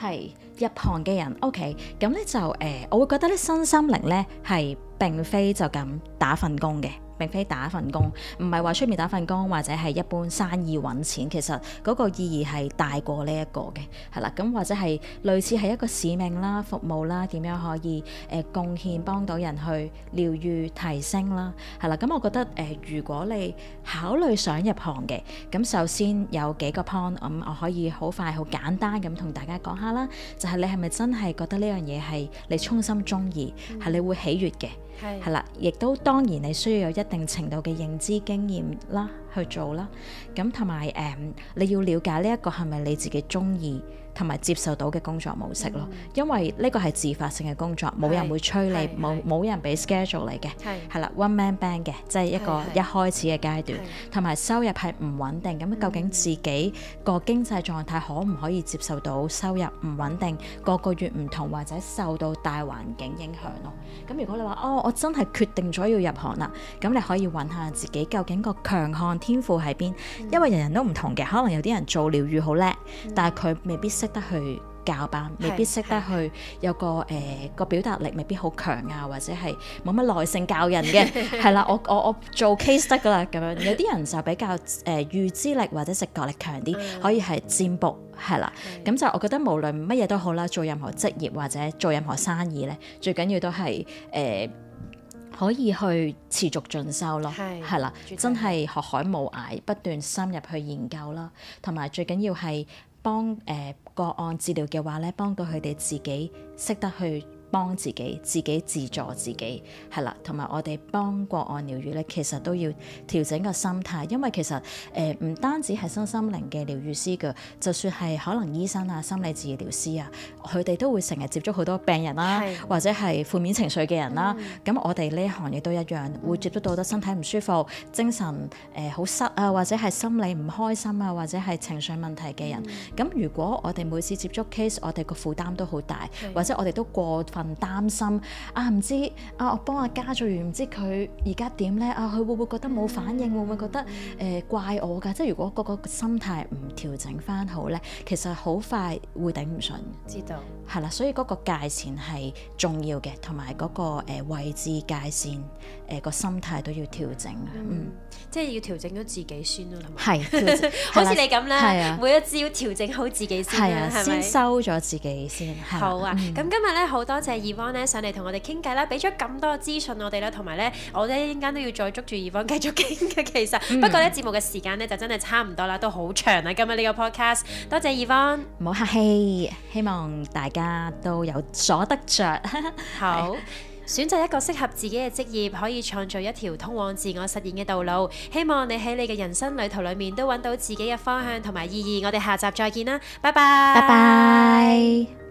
係入行嘅人，OK，咁咧就誒、呃，我會覺得咧，身心靈咧係並非就咁打份工嘅，並非打份工，唔係話出面打份工，或者係一般生意揾錢，其實嗰個意義係大過呢一個嘅，係啦。咁或者係類似係一個使命啦、服務啦，點樣可以誒貢獻幫到人去療愈、提升啦，係啦。咁我覺得誒、呃、如果你考慮想入行嘅，咁首先有幾個 point，咁、嗯、我可以好快、好簡單咁同大家講下啦，就係、是、你係咪真係覺得呢樣嘢係你衷心中意，係、嗯、你會喜悅嘅？係啦， 亦都當然你需要有一定程度嘅認知經驗啦，去做啦。咁同埋誒，你要了解呢一個係咪你自己鍾意，同埋接受到嘅工作模式咯，嗯、因為呢個係自發性嘅工作，冇人會催你，冇冇人俾 schedule 你嘅，係啦是，one man band 嘅，即係一個一開始嘅階段，同埋收入係唔穩定咁，嗯、究竟自己個經濟狀態可唔可以接受到收入唔穩定，個個月唔同或者受到大環境影響咯？咁如果你話哦，我真係決定咗要入行啦，咁你可以揾下自己究竟個強項天賦喺邊，嗯、因為人人都唔同嘅，可能有啲人做療癒好叻，但係佢未必。識得去教班，未必識得去有個誒、呃、個表達力，未必好強啊，或者係冇乜耐性教人嘅，係啦。 我我我做 case 得噶啦，咁樣有啲人就比較誒預、呃、知力或者直覺力強啲，可以係占卜。係啦、嗯。咁就我覺得無論乜嘢都好啦，做任何職業或者做任何生意咧，最緊要都係誒可以去持續進修咯，係係啦，的真係學海無涯，不斷深入去研究啦，同埋最緊要係幫誒。呃個案治療嘅話呢，幫到佢哋自己識得去。幫自己、自己自助自己，係啦，同埋我哋幫個案療愈咧，其實都要調整個心態，因為其實誒唔、呃、單止係身心靈嘅療愈師嘅，就算係可能醫生啊、心理治療師啊，佢哋都會成日接觸好多病人啦、啊，的或者係負面情緒嘅人啦、啊。咁、嗯、我哋呢行亦都一樣，會接觸到好多身體唔舒服、精神誒好、呃、失啊，或者係心理唔開心啊，或者係情緒問題嘅人。咁、嗯、如果我哋每次接觸 case，我哋個負擔都好大，或者我哋都過分。唔擔心啊？唔知啊，我幫阿家做完，唔知佢而家點咧？啊，佢會唔會覺得冇反應？會唔會覺得誒怪我㗎？即係如果嗰個心態唔調整翻好咧，其實好快會頂唔順。知道係啦，所以嗰個界線係重要嘅，同埋嗰個位置界線誒個心態都要調整。嗯，即係要調整咗自己先咯。係，好似你咁啦，每一招調整好自己先啦，係先收咗自己先？好啊，咁今日咧好多謝。Yvone 咧上嚟同我哋傾偈啦，俾咗咁多資訊我哋啦，同埋咧，我哋一陣間都要再捉住 Yvone 繼續傾嘅。其實不過咧節、嗯、目嘅時間咧就真係差唔多啦，都好長啦。今日呢個 Podcast 多謝 Yvone，唔好客氣，希望大家都有所得着。 好， 選擇一個適合自己嘅職業，可以創造一條通往自我實現嘅道路。希望你喺你嘅人生旅途裏面都揾到自己嘅方向同埋意義。我哋下集再見啦，拜拜，拜拜。